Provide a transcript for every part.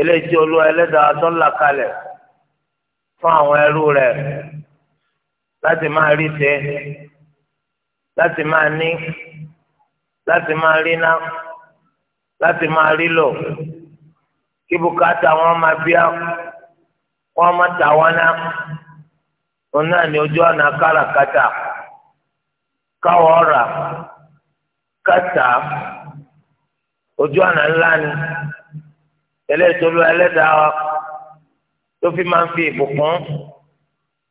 eléyìí tí olúwa ẹlẹ́dàá tó ń là kalẹ̀ fún àwọn ẹrú rẹ̀ láti máa rí ṣe láti máa ní láti máa rí ná láti máa rí lò kí bùkátà wọn máa bíá wọn máa tà wọn ná òun náà ní ojú ọ̀nà káràkátà káwọ́ ọ̀rà kátà ojú ọ̀nà ńlá ni. Kata, ẹlẹ́tọ́lú ẹlẹ́dàá tó fi máa ń fi ìbùkún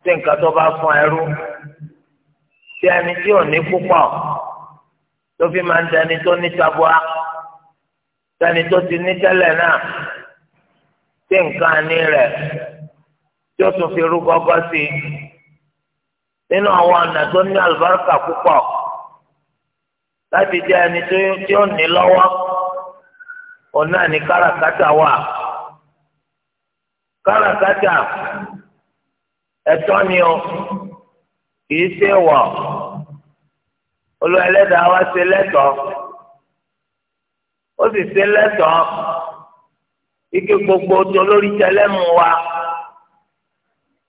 sí nǹkan tó bá fún ẹrú tí ẹni tí ò ní púpọ̀ tó fi máa ń dẹni tó ní tabua dẹni tó ti ní tẹ́lẹ̀ náà sí nǹkan àní rẹ̀ tí ó tún fi rú gọ́gọ́ sí i nínú àwọn ọ̀nà tó ní àlùbáríkà púpọ̀ láti jẹ́ ẹni tí ó ní lọ́wọ́. ọ̀nà ní káràkátà wà káràkátà ẹ̀tọ́ ni ọ kìí ṣe wọ̀ Olúwa Ẹlẹ́dàá wa ṣe lẹ́tọ̀ọ́ ó sì ṣe lẹ́tọ̀ọ́ ike gbogbo tó lórí tẹlẹ́mù wa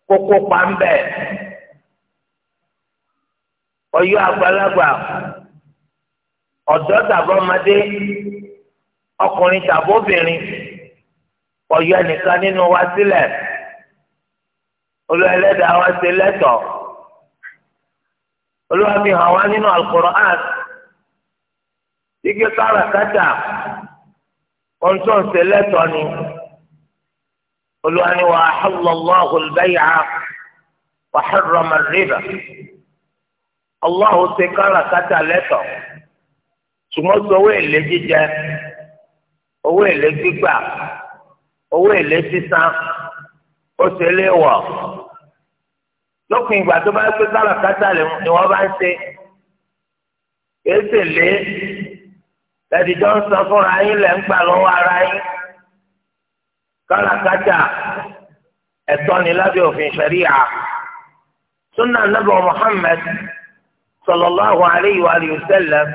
kókó pa ń bẹ̀ ọyọ́ àgbàlagbà ọ̀dọ́ tàbí ọmọdé. ọkùnrin tàbí obìnrin ọ̀yọ́ ẹnìkan nínú wa sílẹ̀ olú ẹlẹ́dàá wa ṣe lẹ́tọ̀ọ́ olúwa fi hàn wá nínú Al-Qur'an ike káràkátà ohun tó ń ṣe lẹ́tọ̀ọ́ ni olúwa ni wa ahallallahu al-bay'a wa harrama ar-riba Allahu ṣe káràkátà lẹ́tọ̀ọ́ ṣùgbọ́n sọ wẹ́ẹ̀lẹ́ jíjẹ. owó èlé gbígbà owó èlé sísan ó ṣe lé wọ̀ lópin ìgbà tó bá gbé káràkátà ni wọ́n bá ń ṣe kìí ṣe lé lẹ́dìjọ́ ń san fúnra yín lẹ́ ń gbà lọ́wọ́ ara yín káràkátà ẹ̀tọ́ ni lábẹ́ òfin ṣẹ̀ríà sunna nabọ Muhammad sallallahu alayhi wa sallam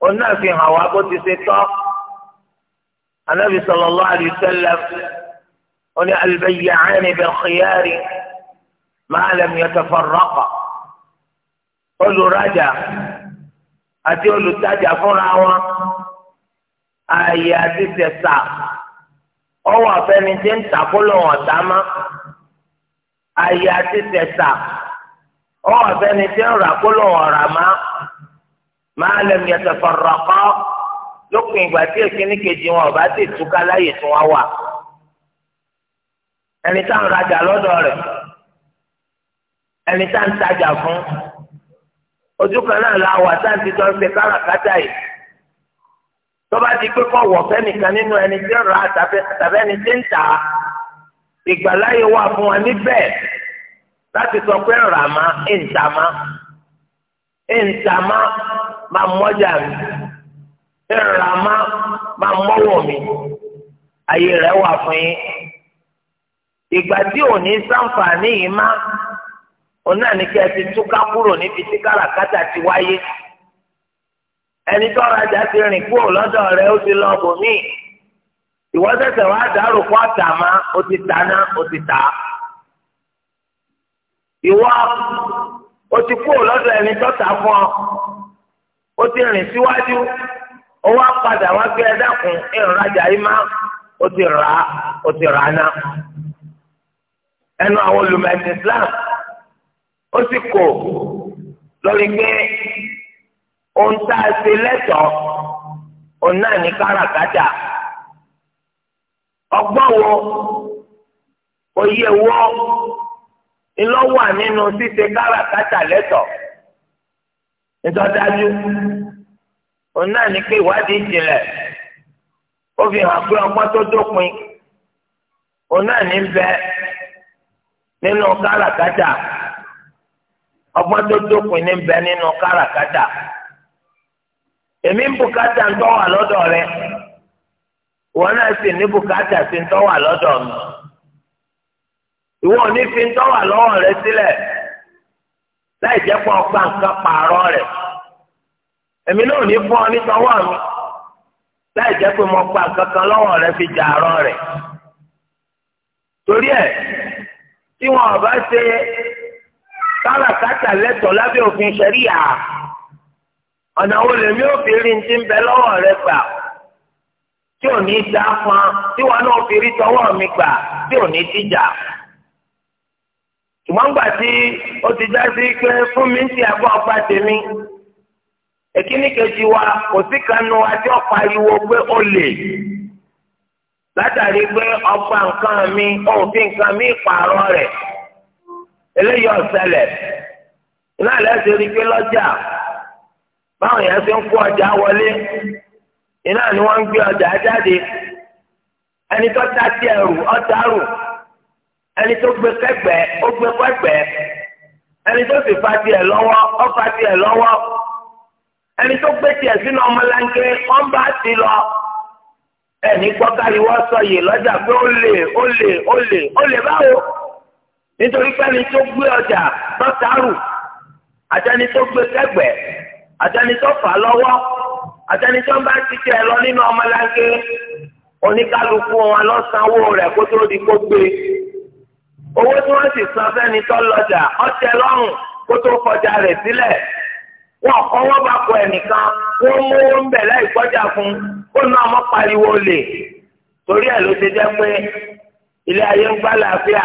bó النبي صلى الله عليه وسلم هنا البيعان بالخيار ما لم يتفرقا قل رجا أتقول تاجا فرعوا آيات تسع ọwọ afẹni tí ń takolo wọn dáma ayé àti tẹsà ọwọ afẹni tí ń ràkolo wọn ràmá máa lẹnu yẹtẹfọrọkọ lópin ìgbà tí èkíní kejì wọn ọba ti túká láyè tí wọn wà ẹni tá à ń rajà lọ́dọ̀ rẹ̀ ẹni tá à ń tajà fún ojú kan náà la wà tá à ń ti jọ ń ṣe káràkátà yìí tọ́ba ti pé kọ́ wọ̀ fẹ́nìkan nínú ẹni tí ń ra tàbí ẹni tí ń tà á ìgbàláyè wà fún wa níbẹ̀ láti sọ pé rà má ń tà má ń tà má máa mọ́jà mi. ìràmá máa mọ́wọ́ mi ayé rẹ̀ wà fún yín ìgbà tí ò ní sáǹfààní yìí má òun náà ní kí ẹ ti túká kúrò níbi tí káràkátà ti wáyé ẹni tó rajà ti rìn kúrò lọ́dọ̀ rẹ̀ ó ti lọ bòmíì ìwọ ṣẹ̀ṣẹ̀ wá dàrú kó ọ̀tà má ó ti tàná ó ti tà á ìwọ ó ti kúrò lọ́dọ̀ ẹni tó tà fún ọ ó ti rìn síwájú. Si ó wá padà wá gbé ẹ dákun ìrajà yìí ti rà á ó rà á ẹnu àwọn olùmọ̀ẹ́sì Islam ó sì kò lórí pé ohun tá a ṣe lẹ́tọ̀ọ́ òun náà ní káràkátà ọgbọ́n wo òye wo nínú ṣíṣe káràkátà lẹ́tọ̀ọ́ nítorí dájú. òun náà ní pé ìwádìí ìjìnlẹ̀ ó fi hàn pé ọgbọ́n tó dópin náà bẹ nínú káràkátà ọgbọ́n tó dópin ni bẹ nínú káràkátà èmi ń bùkátà ń tọ́wà lọ́dọ̀ rẹ wọn náà sì ní bùkátà sí ń tọ́wà lọ́dọ̀ mi ìwọ fi ń tọ́wà lọ́wọ́ rẹ sílẹ̀ láì jẹ́ pa nǹkan pààrọ̀ èmi náà ní fún ọ nísanwó mi láì jẹ́ pé mo pa kankan lọ́wọ́ rẹ fi jà àárọ̀ rẹ̀ torí ẹ̀ tí wọn ò bá ṣe káràkátà lẹ́tọ̀ọ́ lábẹ́ òfin ṣẹ̀ríyà ọ̀nà wo lèmi ò fi rí ti ń bẹ lọ́wọ́ rẹ gbà tí ò ní dá pọn tí wọn náà fi rí tọwọ́ mi gbà tí ò ní dìjà ṣùgbọ́n gbà tí ó ti já sí pé fún mi ti àbọ̀ ọgbà tèmi èkíní kejì wa kò sí kanu àti ọ̀pá ariwo pé ó lè látàrí pé ọgbà nǹkan mi òfin nǹkan mi pààrọ̀ rẹ̀ eléyìí ọ̀sẹ̀lẹ̀ iná lẹ́sẹ̀ rí pé lọ́jà báwọn yẹn ṣe ń kó ọjà wọlé iná ni wọ́n ń gbé ọjà jáde ẹni tó dá sí ẹrù ọjà rù ẹni tó gbé kẹgbẹ́ ó gbé kẹgbẹ́ ẹni tó sì fa tiẹ̀ lọ́wọ́ ó fa tiẹ̀ lọ́wọ́ ẹni tó gbé tiẹ̀ sínú ọmọlanke wọ́n bá ti lọ ẹni gbọ́kàlíwọ́ sọyè lọ́jà pé ó lè ó lè ó lè ó lè báwo nítorí pé ẹni tó gbé ọjà lọ́tàrù àtẹni tó gbé kẹgbẹ́ àtẹni tó fà lọ́wọ́ àtẹni tó bá ti tiẹ̀ lọ nínú ọmọlanke oníkálukú wọn lọ́sànwó rẹ̀ kó tó di kó gbé owó tí wọ́n sì san fẹ́ni tó lọ́jà ọ̀tẹ̀ lọ́rùn kó tó fọjà rẹ̀ sílẹ̀ wọn kọ́wọ́ bá kọ ẹnìkan wọ́n mú wọn bẹ̀ láì kọjá fún kó náà mọ́ pariwo lè torí ẹ̀ ló ti jẹ́ pé ilé ayé ń gbá làáfíà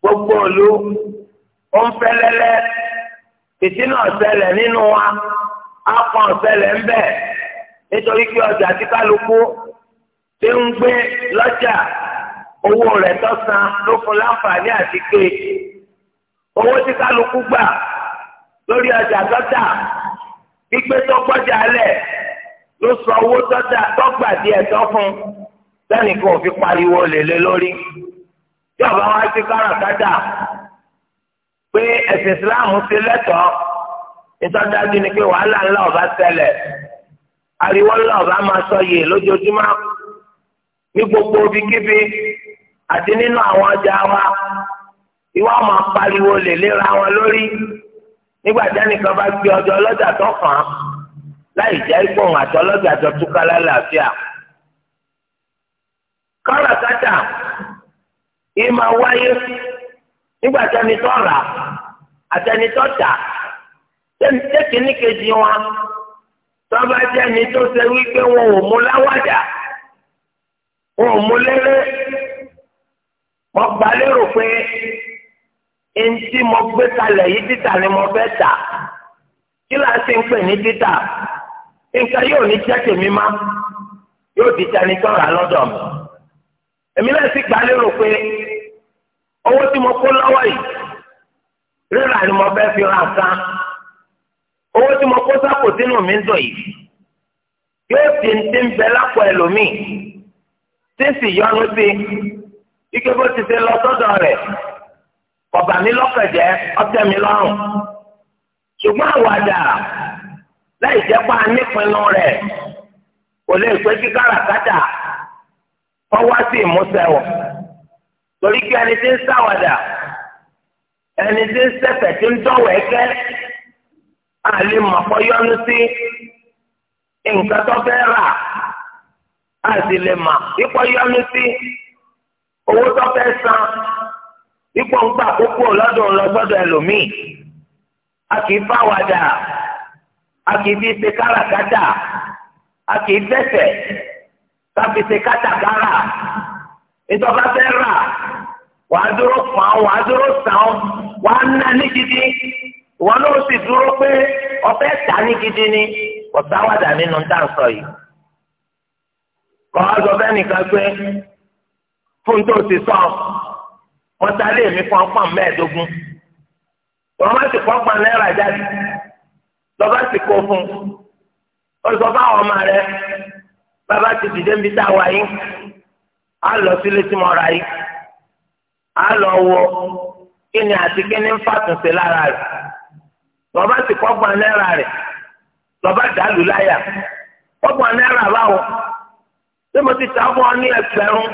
gbogbo òlu ó ń fẹ́ lẹ́lẹ́ fìtínà ọ̀sẹ̀lẹ̀ nínú wa apọ̀ ọ̀sẹ̀lẹ̀ ń bẹ̀ nítorí pé ọjà tí kálukú ti ń gbé lọ́jà owó rẹ̀ tọ́sán ló fún láǹfààní àti pé owó tí kálukú gbà lórí ọjà tọ́jà gbígbé tó gbọ́jà lẹ̀ ló sọ owó tọ́jà tọ́gbà díẹ̀ tọ́ fún sẹ́nìkan ò fi pariwo lélẹ̀ lórí yọ̀bá wá sí káràkátà pé ẹ̀sìn Islam ti lẹ́tọ̀ọ́ ìtọ́jáde ni pé wàhálà ńlá ọba ṣẹlẹ̀ ariwo ńlá ọba máa sọ yìí lójoojúmọ́ ní gbogbo ibikíbi àti nínú àwọn ọjà wa ìwà máa pariwo lè léra wọn lórí nígbà tí ẹnìkan bá gbé ọjọ́ ọlọ́jà tó kàn án láì jẹ́ ìgbóhùn àti ọlọ́jà tó túká lálàáfíà. káràkátà yìí máa wáyé nígbà tí ẹni tó rà àti ẹni tó tà tẹ́tí ní kejì wọn tó bá jẹ́ ẹni tó ṣe wípé wọn ò mú láwàdà wọn ò mú léré wọn gbà lérò pé. eŋti mo gbé kalẹ̀ yi títà ni mo fẹ́ tà kí la ṣe ń pè ní títà nǹkan yóò ní jẹ́ tèmi má yóò di tani tó rà lọ́dọ̀ mi èmi náà sì gbà lérò pé owó tí mo kó lọ́wọ́ yìí rírà ni mo fẹ́ fi ra nǹkan owó tí mo kó sápò sínú mi ń dùn yìí yóò ti ń ti ń bẹ lápò ẹlòmíì tí ń sì yọnu sí ike bó ti ṣe lọ sọ́dọ̀ rẹ̀. ọba mi lọ́kànjẹ́ ọtẹ mi lọ́rùn ṣùgbọ́n àwàdà láì jẹ́ pa nípinnu rẹ̀ kò lè pé kí káràkátà kọ́ wá sí ìmúṣẹ o torí kí ẹni tí ń ṣàwàdà ẹni tí ń ṣẹ̀fẹ̀ tí ń dọ̀wẹ́kẹ́ àlè mọ̀kọ́ yọnu sí nǹkan tó fẹ́ rà àti lè mà ikọ́ yọnu sí owó tó fẹ́ san. ipò ń gbà púpọ̀ lọ́dọ̀ lọ́sọ́dọ̀ ẹlòmíì a kì í a kì í fi ṣe káràkátà a kì í fẹsẹ̀ ká fi ṣe kátàkárà ìjọba fẹ́ rà dúró ọ wàá dúró sàn ọ wàá ná ní gidi ìwọ náà sì dúró pé ọ̀fẹ́ tà ní gidi ni ọ̀sáwàdà nínú dáńsọ yìí kọ́ ọ́ sọ fẹ́ nìkan pé fún tó sọ. wọ́n ta lé mi fún ọpọ́n mẹ́ẹ̀ẹ́dógún wọ́n má ti pọ́npọ́n náírà jáde lọ́ba ti kó fún un ó sọ fáwọn ọmọ rẹ bàbá ti dìde ń bi tá a wá yín á lọ sílé tí mo ra yín á lọ wo kíni àti kíni ń fàtúnṣe lára rẹ lọ́ba ti pọ́npọ́n náírà rẹ lọ́ba dàlú láyà pọ́npọ́n náírà báwo ṣé mo ti ta fún ọ ní ẹgbẹ̀rún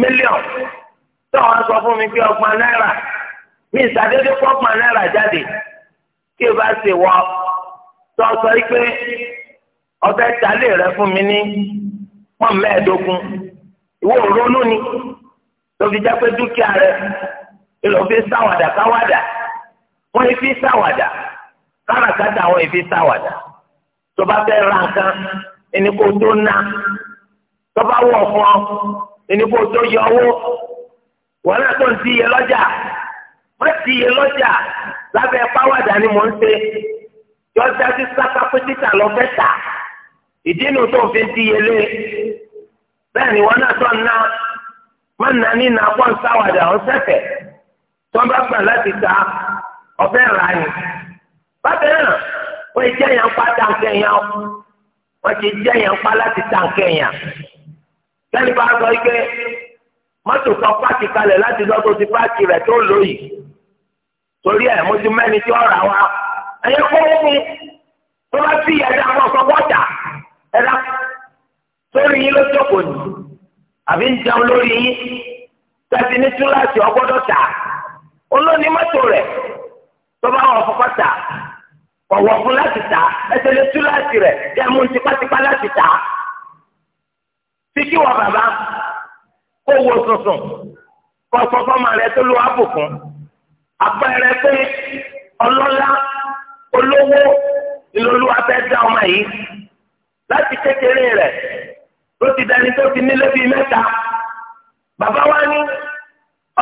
mílíọ̀nù tọ́wọ́n sọ fún mi pé ọgbọ̀n náírà mi ìsàdédé pọ́pọ̀n náírà jáde kí o bá ṣe wọ tọ́sọ pé ọbẹ̀ talé rẹ fún mi ní pọ́n mẹ́ẹ̀ẹ́dógún ìwọ òrónú ni lóbi jẹ́ pé dúkìá rẹ ìlò fi sáwàdà káwàdà wọ́n fi sáwàdà káràkátà wọ́n fi sáwàdà tó bá fẹ́ ra nǹkan ẹni kò tó ná tó bá wọ̀ fún ọ ẹni kò tó yọ owó. wọn náà tó ń ti iye lọ́jà wọ́n ti iye lọ́jà lábẹ́ pàwọ́dà ni mò ń ṣe yọjá sí lọ ìdí inú tó ń fi ti iye lé bẹ́ẹ̀ ni wọn náà tó ń ná má nà ní nà pọ́n sáwàdà ọ̀hún tó ń bá gbà láti ta ọ̀fẹ́ rà ní. náà wọ́n ti jẹ́ yẹn pa yẹn ike. mọ́tò kan páàkì kalẹ̀ láti lọ tó ti páàkì rẹ̀ tó lóyìí torí ẹ̀ mo ti mẹ́ni tí ọ̀rà wa ẹ̀yẹ kọ́ wọ́n mu tó bá sí ẹ̀dá àwọn ọ̀sọ́gbọ́jà ẹ̀dá sórí yín ló jókòó ní àbí ń jẹun lórí yín tẹ̀sí ní túláàsì ọgbọ́dọ̀ tà olóní mọ́tò rẹ̀ tó bá wọ̀ fọ́kọ́ tà ọ̀wọ̀ fún láti tà ẹsẹ̀ ní túláàsì rẹ̀ jẹ́ mú tipátipá láti tà síkí wọ bàbá kó wo sùnsùn kó sọ fọ́mọ rẹ tó lu àbùkún àpẹẹrẹ pé ọlọ́lá olówó ìlòlú abẹ́dá ọmọ yìí láti kékeré rẹ̀ ló ti dání tó ti nílé bíi mẹ́ta bàbá wa ní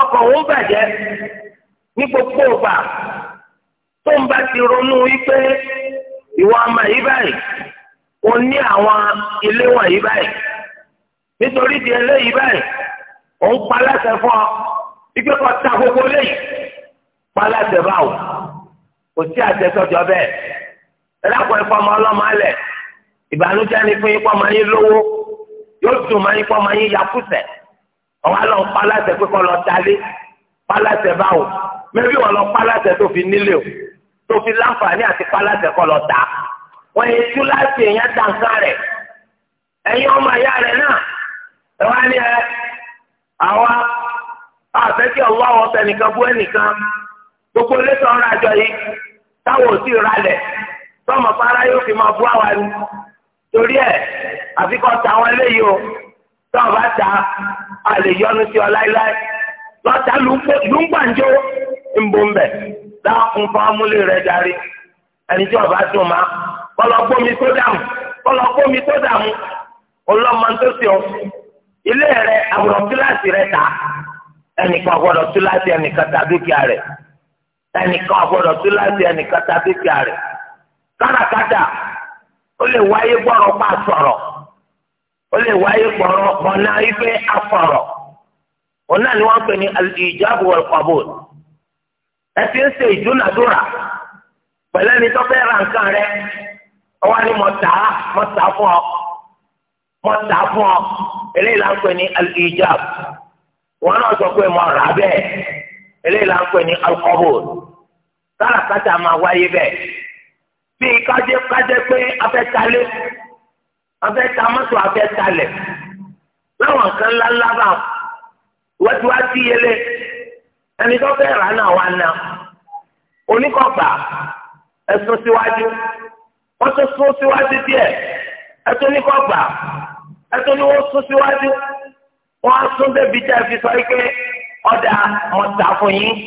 ọkọ̀ òun bàjẹ́ ní gbogbo ọgbà tó ń bá ti ronú wípé ìwọ ọmọ yìí báyìí o ní àwọn ilé wọ̀nyí báyìí nítorí di eléyìí báyìí ó ń paláṣẹ fún ọ ta gbogbo lẹ́yìn paláṣẹ báwò kò sí àṣẹ tọjọ bẹ́ẹ̀ ẹlẹ́kọ̀ọ́ ẹ̀fọ́ ọmọ ọlọ́mọ ni fún ikú ọmọ lówó yóò dùn máa ma kọ́ máa yín yakúsẹ̀ ọ̀wá lọ paláṣẹ pé kọ́ lọ báwò wọn lọ tó fi nílé o tó fi láǹfààní àti lọ yẹ láti ọmọ ni ẹ àwa àfẹ́kí ọlọ́ àwọn ọ̀sẹ̀ nìkan bú ẹnìkan gbogbo lẹ́sọ̀ ọ̀rọ̀ àjọ yìí táwọn ò sì ralẹ̀ tọmọ fara yóò fi máa bú àwa ni torí ẹ̀ àfikọ́ ta àwọn eléyìí o bá ta a lè yọnu sí ọ lùgbàǹjọ́ rẹ̀ darí ẹni tí ọba dùn gbómi tó dàmú ọ àbùrọ̀ kíláàsì rẹ̀ ta ẹnìkan ọ̀gbọ́dọ̀ kíláàsì ẹnìkan ta dúkìá rẹ̀ ẹnìkan ọ̀gbọ́dọ̀ kíláàsì ẹnìkan ta dúkìá rẹ̀ káràkátà ó lè wáyé gbọ́rọ̀ pa sọ̀rọ̀ ó lè wáyé gbọ́rọ̀ ọ̀nà ife afọ̀rọ̀ ọ̀nà ni wọ́n pè ní al-ijab wal ń ṣe ìdúnàdúrà pẹ̀lú ẹni tó ra nǹkan rẹ̀ ọwọ́ ni mo tà á mo tà á fún ọ mo tà á fún ọ. eléyìí là ń pè ní al wọn náà sọ pé mo rà ele eléyìí là ń pè ní al-qabul káràkátà máa wáyé bẹ́ẹ̀ bí kájẹ́ kájẹ́ pé afẹ́talé afẹ́tamọ́tò afẹ́talẹ̀ láwọn nǹkan bá ti wá sí yẹlé ẹni tó fẹ́ rà náà wá ná oníkọ̀gbà ẹ̀sùn síwájú wọ́n tún ẹtọ́ ni wọ́n sún síwájú wọ́n á sún débi tẹ́ fi sọ pé ọ̀dà ọ̀tà fún yín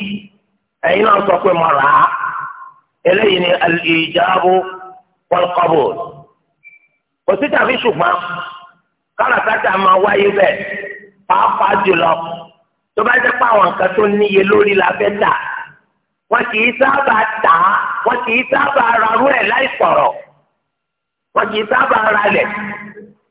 ẹ̀yin náà sọ pé mo rà á eléyìí ni al-ijabu wal-qabul kò sí tàbí ṣùgbọ́n káràkátà máa wáyé bẹ́ẹ̀ pàápàá jùlọ tó bá jẹ́ pé àwọn nǹkan tó níye lórí la fẹ́ tà wọ́n kì í sábà tà á wọ́n kì í sábà rarú ẹ̀ láì sọ̀rọ̀ wọ́n kì í sábà ralẹ̀.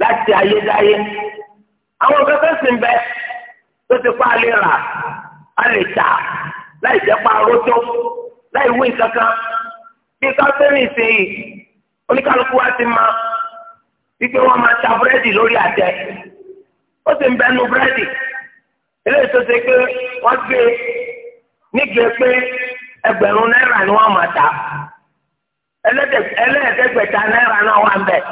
láti ayédáyé àwọn kankan sì ń bẹ tó ti pa alẹ́ rà alẹ́ tà láì jẹ́ pa arótó láì wí kankan bí káfíńì ṣe yìí oníkálukú wa ti ma wípé wọ́n máa ta búrẹ́dì lórí àtẹ ó sì ń bẹnu búrẹ́dì eléyìí tó ṣe pé wọ́n gbé nígbè pé ẹgbẹ̀rún náírà ni wọ́n máa ta ẹlẹ́ẹ̀ẹ́dẹ́gbẹ̀ta náírà náà wà ń bẹ̀.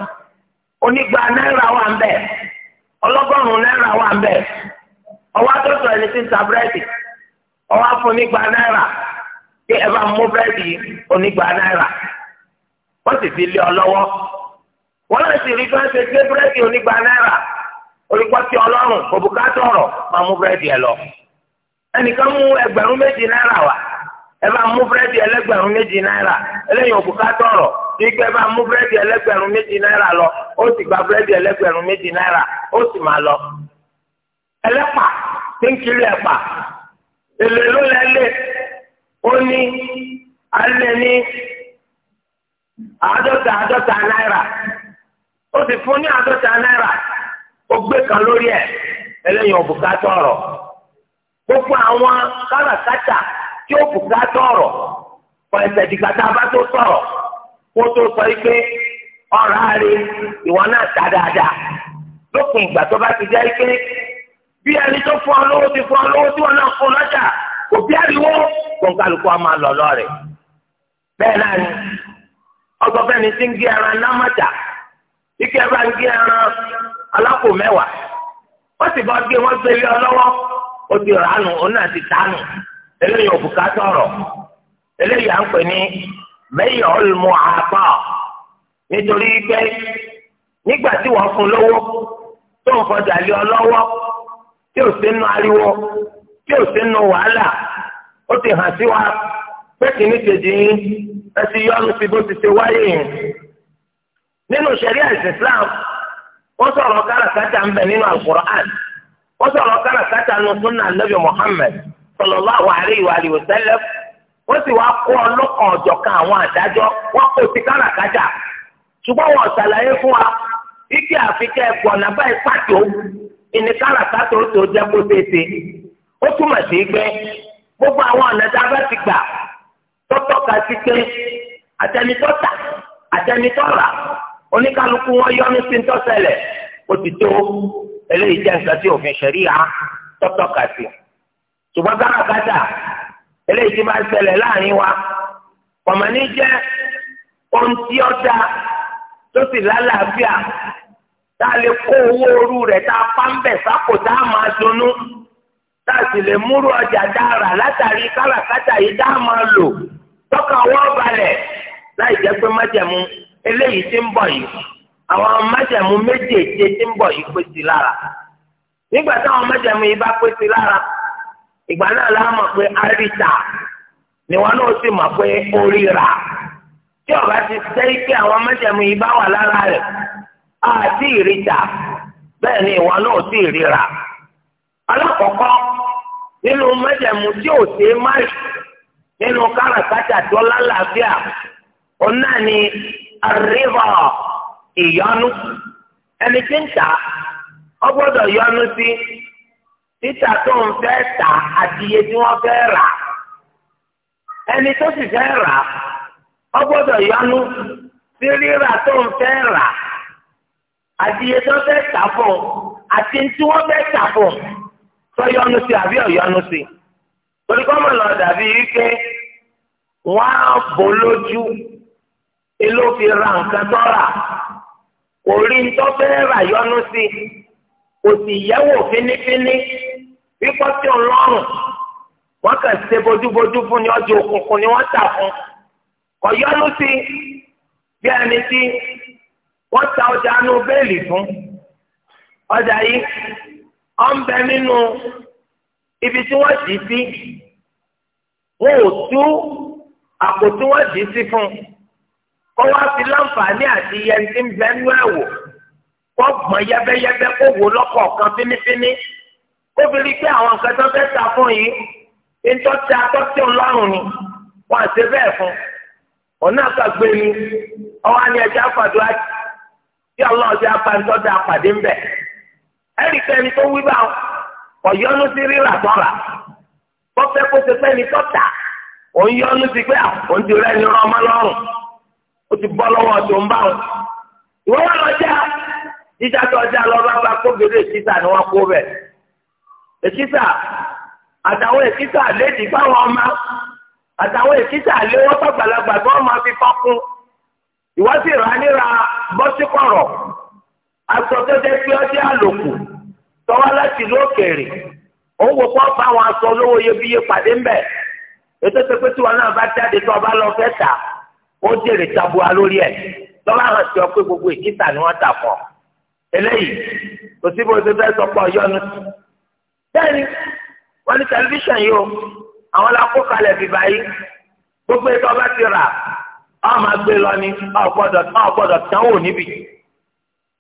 onigba náírà wà ń bẹ̀ ọlọ́gọ́rùn-ún náírà wà ń bẹ̀ ọwọ́ ẹni tí ń ta búrẹ́dì ọwọ́ àfọ̀nígba náírà kí ẹ bá mú búrẹ́dì onígba náírà wọ́n sì fi lé ọ lọ́wọ́ wọ́n lè sì rí kí wọ́n gbé búrẹ́dì onígba náírà olùkọ́sí ọlọ́run òbúkátọ̀ ọ̀rọ̀ máa mú ẹ lọ ẹnìkan mú ẹgbẹ̀rún méjì náírà wá ẹ ike bá mú búrẹ́dì ẹlẹ́gbẹ̀rún méjì náírà lọ ó sì gba búrẹ́dì ẹlẹ́gbẹ̀rún méjì náírà ó sì máa lọ. ẹlẹ́pà tí ń kiri ẹ̀pà èlé ló lẹ́lẹ̀ ó ní alẹ́ ní àádọ́ta àádọ́ta náírà ó sì fún ní àádọ́ta náírà ó gbé kan lórí ẹ̀ ẹlẹ́yìn òbúkátọ́ ọ̀rọ̀ gbogbo àwọn tí kó tó sọ pé ọ̀rọ̀ àárẹ̀ ìwọ náà ta dáadáa lópin ìgbà tó bá ti jẹ́ pé bí ẹni tó fún ọ lówó ti fún ọ lówó tí bẹ́ẹ̀ náà ni ti ń gé ẹran ike bá ń gé ẹran alákò mẹ́wàá wọ́n sì bá gbé ọ ó ti rà á nù ó náà ti tà á nù eléyìí eléyìí à ń pè bẹ́ẹ̀ ọ̀lùmọ̀ àpá nítorí pé nígbà tí wọ́n fún lówó tó ń fọjà lé ọ lọ́wọ́ tí ò sínú ariwo tí ò sínú wàhálà ó ti hàn sí wa pé kìíní kejì yín ẹ ti yọnu sí bó ti ṣe wáyé yẹn nínú ṣẹ̀ríà Islam wọ́n sọ̀rọ̀ káràkátà ń bẹ nínú Al-Qur'an wọ́n sọ̀rọ̀ káràkátà nínú sunna Nabi wọ́n sì wáá kó ọlọ́kan kan àwọn àdájọ́ wọ́n kó sí káràkájà ṣùgbọ́n wọn ṣàlàyé fún wa ike àfikẹ́ ẹ̀gbọ́n nàbà ìpàtó ìní káràkátà ó tó jẹ́ kó tètè ó túmọ̀ sí pé gbogbo àwọn ọ̀nà tá a bá ti gbà tọ́tọ́ka sí pé àtẹnitọ́ta àtẹnitọ́ra oníkálukú wọn yọ sí ntọ́sẹ̀lẹ̀ ó ti tó eléyìí jẹ́ nǹkan tí òfin ṣẹ̀ríyà tọ́tọ́ka sí ṣùgbọ́n káràkátà. eléyìí ti máa ṣẹlẹ̀ láàrin wa kọ̀mọ̀ní jẹ́ ohun tí ó da tó sì lálàáfíà tá a lè kó owó orú rẹ̀ tá a fá ń bẹ̀ sápò tá a máa dunnú tá a sì lè múrò ọjà dára látàrí yìí tá ti ń bọ̀ yìí àwọn májẹ̀mú ti ń bọ̀ yìí pèsè lára nígbà táwọn májẹ̀mú ìgbà náà la mọ̀ pé àríta ni wọn náà sì mọ̀ pé ti sẹ́ ike àwọn mẹ́tẹ̀mú yìí bá wà lára rẹ̀ àti ìríta bẹ́ẹ̀ ni ìwọ náà sì ríra alákọ̀ọ́kọ́ nínú mẹ́tẹ̀mú tí ò sí máì nínú káràkátà tó lálàáfíà òun náà ni àríwá ìyọnu ẹni tí ń ta ọ yọnu Si, títà tó ń fẹ́ tà àti iye tí wọ́n fẹ́ rà ẹni tó sì fẹ́ rà ọ gbọ́dọ̀ yọnu sí rírà tó ń fẹ́ rà àti iye tó fẹ́ tà fún àti tí wọ́n fẹ́ tà fún tó yọnu sí àbí ọ̀yọnu sí torí lọ dàbí wípé wọ́n á bò lójú ilé òfin ra nǹkan tó rà kò rí ń tọ́ fẹ́ rà yọnu sí i kò sì yẹ̀wò fínífíní wípọ́ tí òun lọ́rùn wọ́n kàn ṣe bójúbójú fún ni ọjọ́ òkùnkùn ni wọ́n tà fún kò yọ́nú sí bí ẹni tí wọ́n ta ọjà nú bẹ́ẹ̀lì fún ọjà yìí ó ń bẹ nínú ibi tí wọ́n dì í sí wọn ò tú àpò tí wọ́n dì í sí fún kó wá fi láǹfààní àti yẹn tí ń bẹ nú ẹ̀ wò. kọ́gbọ̀n yẹ́bẹ́yẹ́bẹ́ kó wò lọ́kọ̀ọ̀kan fínífíní kó fi rí pé àwọn nǹkan tó fẹ́ ta fún yìí kí tọ́tí atọ́tí ọlọ́run ni wọ́n bẹ́ẹ̀ fún ọ̀nà àkàgbé ni ọwọ́ ni ẹja fàdúrà tí ọlọ́run ti apá ń tọ́jú apàdé ń bẹ̀ kẹ́ni tó wí bá ọ̀yọ́nú sí rírà tọ́ra kó jíjà tó ọjà lọ bá bá kó gbèdé ìkísà ni wọ́n kó bẹ̀. èkísà àtàwọn èkísà léèdì fáwọn ọmọ àtàwọn èkísà léwọ́ fàgbàlagbà tí wọ́n máa fi fọ́kún ìwádìí ìránira bọ́síkọ̀rọ̀ aṣọ tó jẹ́ pé ọjọ́ àlòkù tọ́wọ́ láti ìlú òkèèrè òun kò kọ́ bá àwọn aṣọ olówó iyebíye pàdé ńbẹ̀ ètò tó pé tí wọn náà bá jáde tó ọba lọ fẹ́ tà ó jèrè tabua lórí ẹ̀ tọ́wọ́ àwọn aṣọ pé gbogbo ìkísà ni wọ́n tà fún ọ eléyìí kò síbi oṣù fẹ́ sọpọ̀ yọnu sí. bẹ́ẹ̀ni wọ́n ní tẹlifíṣàn yìí o àwọn lakó kalẹ̀ bíbá yìí gbogbo ètò ọba ti rà ọ máa gbé lọ ní ọ̀gbọ́dọ̀ ọ̀gbọ́dọ̀ tánwò níbi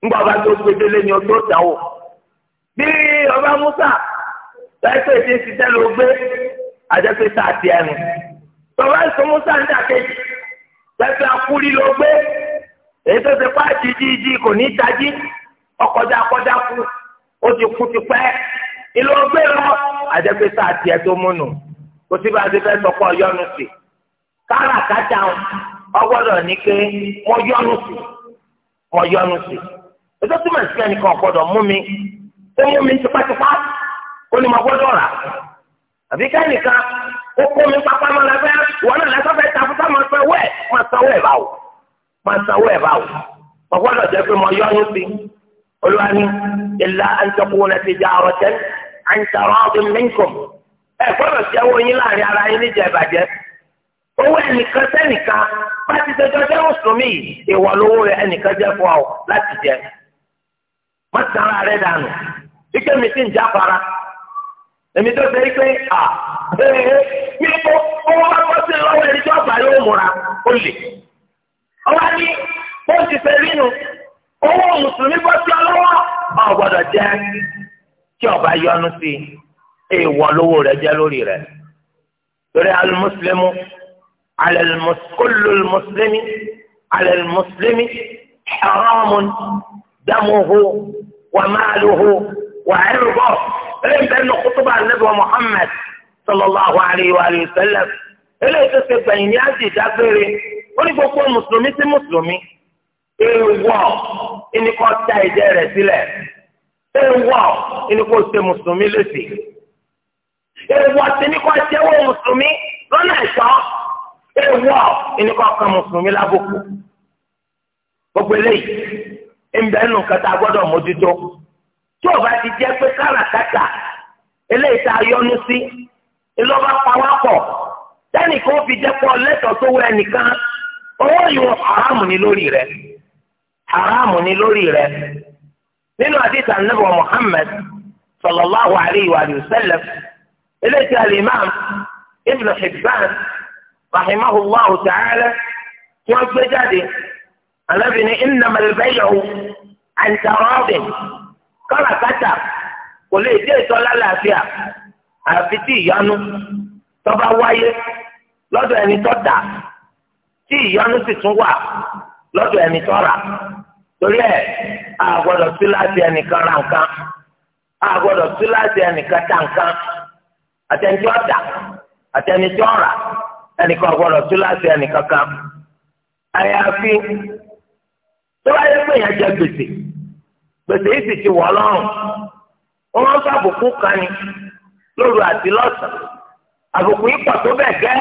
ńgbà ọba tó gbé délé ni o tó tánwò. bí ọba musa tẹ́sí ètí ìsìtẹ́ ló gbé àjẹpẹ́ sáàtì ẹnu tọ́ba ìsọ musa ń dàkejì tẹ́sí akúrí ló gbé èyí tó ti pa jíjí kò ní tají ọkọjá kọjá kú ó ti kú ti pẹ́ ìlú ọgbẹ́ lọ àjẹpẹ́ sáà tiẹ̀ tó múnu kò sí bá a ti fẹ́ sọ pé ọyọ́nu sí káràkátà ọgbọ́dọ̀ ní pé mo yọ́nu sí mo yọ́nu sí ètò tí màá sí ẹnìkan ọ̀gbọ́dọ̀ mú mi ó mú mi tipátipá ó ní mo gbọ́dọ̀ rà àbí kẹ́nìkan ó kó mi pápá mọ́ lẹ́fẹ́ wọ́n náà lẹ́sọ́ fẹ́ ta fúnta máa fẹ́ wẹ́ẹ̀ máa sanwó ẹ̀ báwò máa sanwó ẹ̀ báwò mo gbọ́dọ̀ jẹ́ pé mo yọ́nu sí olúwa ni ilà àǹtẹ̀kùn náà ti jà ọ̀rọ̀ tẹ́ àǹtẹ̀rọ̀ ọ̀dún mẹ́ńkọ̀m ẹ gbọ́dọ̀ ṣẹ́wó yín láàrin ara yín níjà ìbàjẹ́ owó ẹnìkan sẹ́nìkan bá ti tẹjọ́ jẹ́ mùsùlùmí ìwọ̀ lówó rẹ ẹnìkan jẹ́ fún ọ láti jẹ mọ́tàrà rẹ dànù ike mi ti ń jáfara èmi tó ṣe pé à ee mi kó owó bá kọ́ sí lọ́wọ́ ẹni tó ọgbà yóò múra ó lè ọwọ́ á ní bó ti fẹ́ rí nu owó mùsùlùmí bọ́ sí ọlọ́wọ́ ọ̀gbọ́dọ̀ jẹ́ tí ọba yọnu sí èèwọ̀ lówó rẹ̀ jẹ́ lórí rẹ̀ torí alimuslimu alẹ́lmuskulu muslimi alẹ́lmuslimi haramun damuhu wàmáluhu wàhẹ́rùbọ̀ eléyìí bẹ́ẹ̀ ní kutuba anabi wa muhammad sallallahu alayhi wa sallam eléyìí tó ṣe gbẹ̀yìn ní àjì dágbére ó ní gbogbo mùsùlùmí sí mùsùlùmí ewọ ẹni kọ́ ta ẹ̀jẹ̀ rẹ̀ sílẹ̀ ewọ ẹni kọ́ ṣe mùsùlùmí lẹ́sẹ̀ ewọ ẹni kọ́ ṣẹ́wọ́ mùsùlùmí lọ́nà ẹ̀ṣọ́ ewọ ẹni kọ́ kan mùsùlùmí lábùkù gbogbo eléyìí ẹnbẹ nù kẹta gbọ́dọ̀ mójútó tí o bá ti jẹ́ pé káràkátà eléyìí tá a yọnu sí ìlọba pawápọ̀ tẹnìkan fi jẹ́ pọ̀ lẹ́tọ̀ọ́ tó wọ ẹnìkan owó ìwọ̀n haramu ni lórí rẹ̀ haramu ni lórí rẹ nínú àdìsá nàbọ Muhammad sallallahu alayhi wa sallam eléyìí alimam ibn Hibban rahimahullahu ta'ala tí wọn gbé jáde alábi ni innamal bay'u an taradin kọlàkátà kò lè dé ìtọ́lá làáfíà àfi tí ìyanu tó bá wáyé lọ́dọ̀ ẹni tó dà tí ìyanu sì tún wà. lọ́dọ̀ ẹni tọ́ra torí ẹ̀ a gbọ́dọ̀ sí láti ẹnìkan ra nǹkan a gbọ́dọ̀ sí láti ẹnìkan ta nǹkan àtẹnití ọ̀dà àtẹnití ọ̀rà ẹnìkan gbọ́dọ̀ sí láti ẹnìkan kan àyàfi tó bá yẹ pé èèyàn jẹ gbèsè gbèsè yìí sì ti wọ̀ lọ́rùn wọ́n máa ń fa àbùkù kan ni lóru àti lọ́sàn-án àbùkù yìí pọ̀ tó bẹ́ẹ̀ gẹ́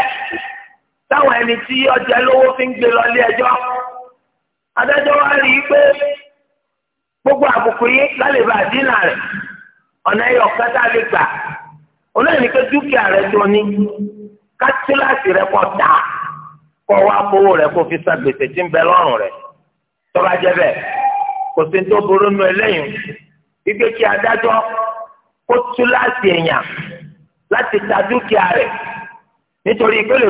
táwọn ẹni tí ọjà lówó fi ń gbé lọ ilé ẹjọ́ adájọ́ wa rí gbogbo àbùkù yìí lálẹ́ bá dínà rẹ̀ ọ̀nà ẹ̀yọ̀ kẹta lè gbà olóyìn ní pé dúkìá rẹ̀ ní kátìláàsì rẹ̀ kọ̀ dá kọ́ wa kówó rẹ̀ kó fi tí ń bẹ lọ́rùn rẹ̀ jẹ́ bẹ́ẹ̀ kò sí tó burú nu kí adájọ́ ta dúkìá rẹ̀ nítorí lè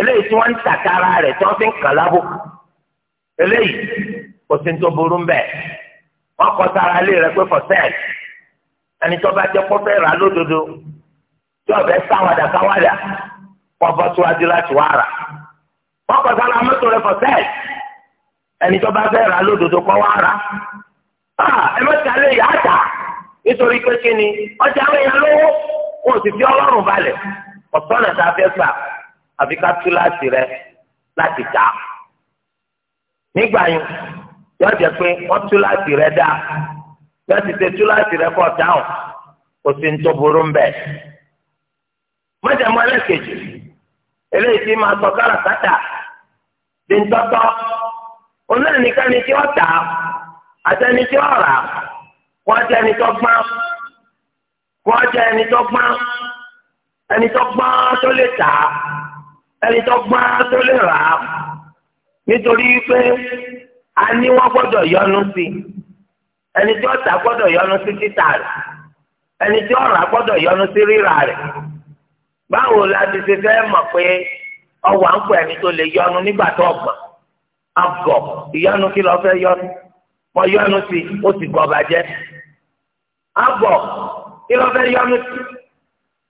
eléyìí tí wọ́n ń tàkàrà rẹ̀ eléyìí kò sí burú mbẹ wọn kọ sára lé for sale ẹni tó bá jẹ rà lódodo sáwàdà sáwàdà wọn bọ síwájú láti wá rà wọn kọ for sale ẹni tó bá rà lódodo kọ wá rà ah, ẹ ta nítorí pé kí ni ọjà lówó wọn ò sì fi náà a àfi ká tú láti rẹ láti nígbà yẹn ya jẹ pé wọn tú láti rẹ dá ti ṣe tú láti rẹ kọ dáhùn kò sí ní tó burú ń bẹ. ma ẹlẹ́kejì eléyìí ti máa sọ di tí ó tà àtẹni tí ó rà á wọ́n ẹni tó gbọ́n wọ́n jẹ́ ẹni tó gbọ́n ẹni tó gbọ́n tó lè tà ẹni tó gbọ́n tó lè rà nítorí pé a ní wọ́n gbọ́dọ̀ yọnu sí ẹni tí ọ̀tá gbọ́dọ̀ yọnu sí títà rẹ̀ ẹni tí ọ̀rà gbọ́dọ̀ yọnu sí rírà rẹ̀ báwo la ti ṣe fẹ́ mọ̀ pé ọwọ́ à ń pè ẹni tó lè yọnu nígbà tó ìyọnu kí lọ yọnu mọ yọnu sí ó sì gbọ́ bàjẹ́ àgọ̀ kí lọ yọnu sí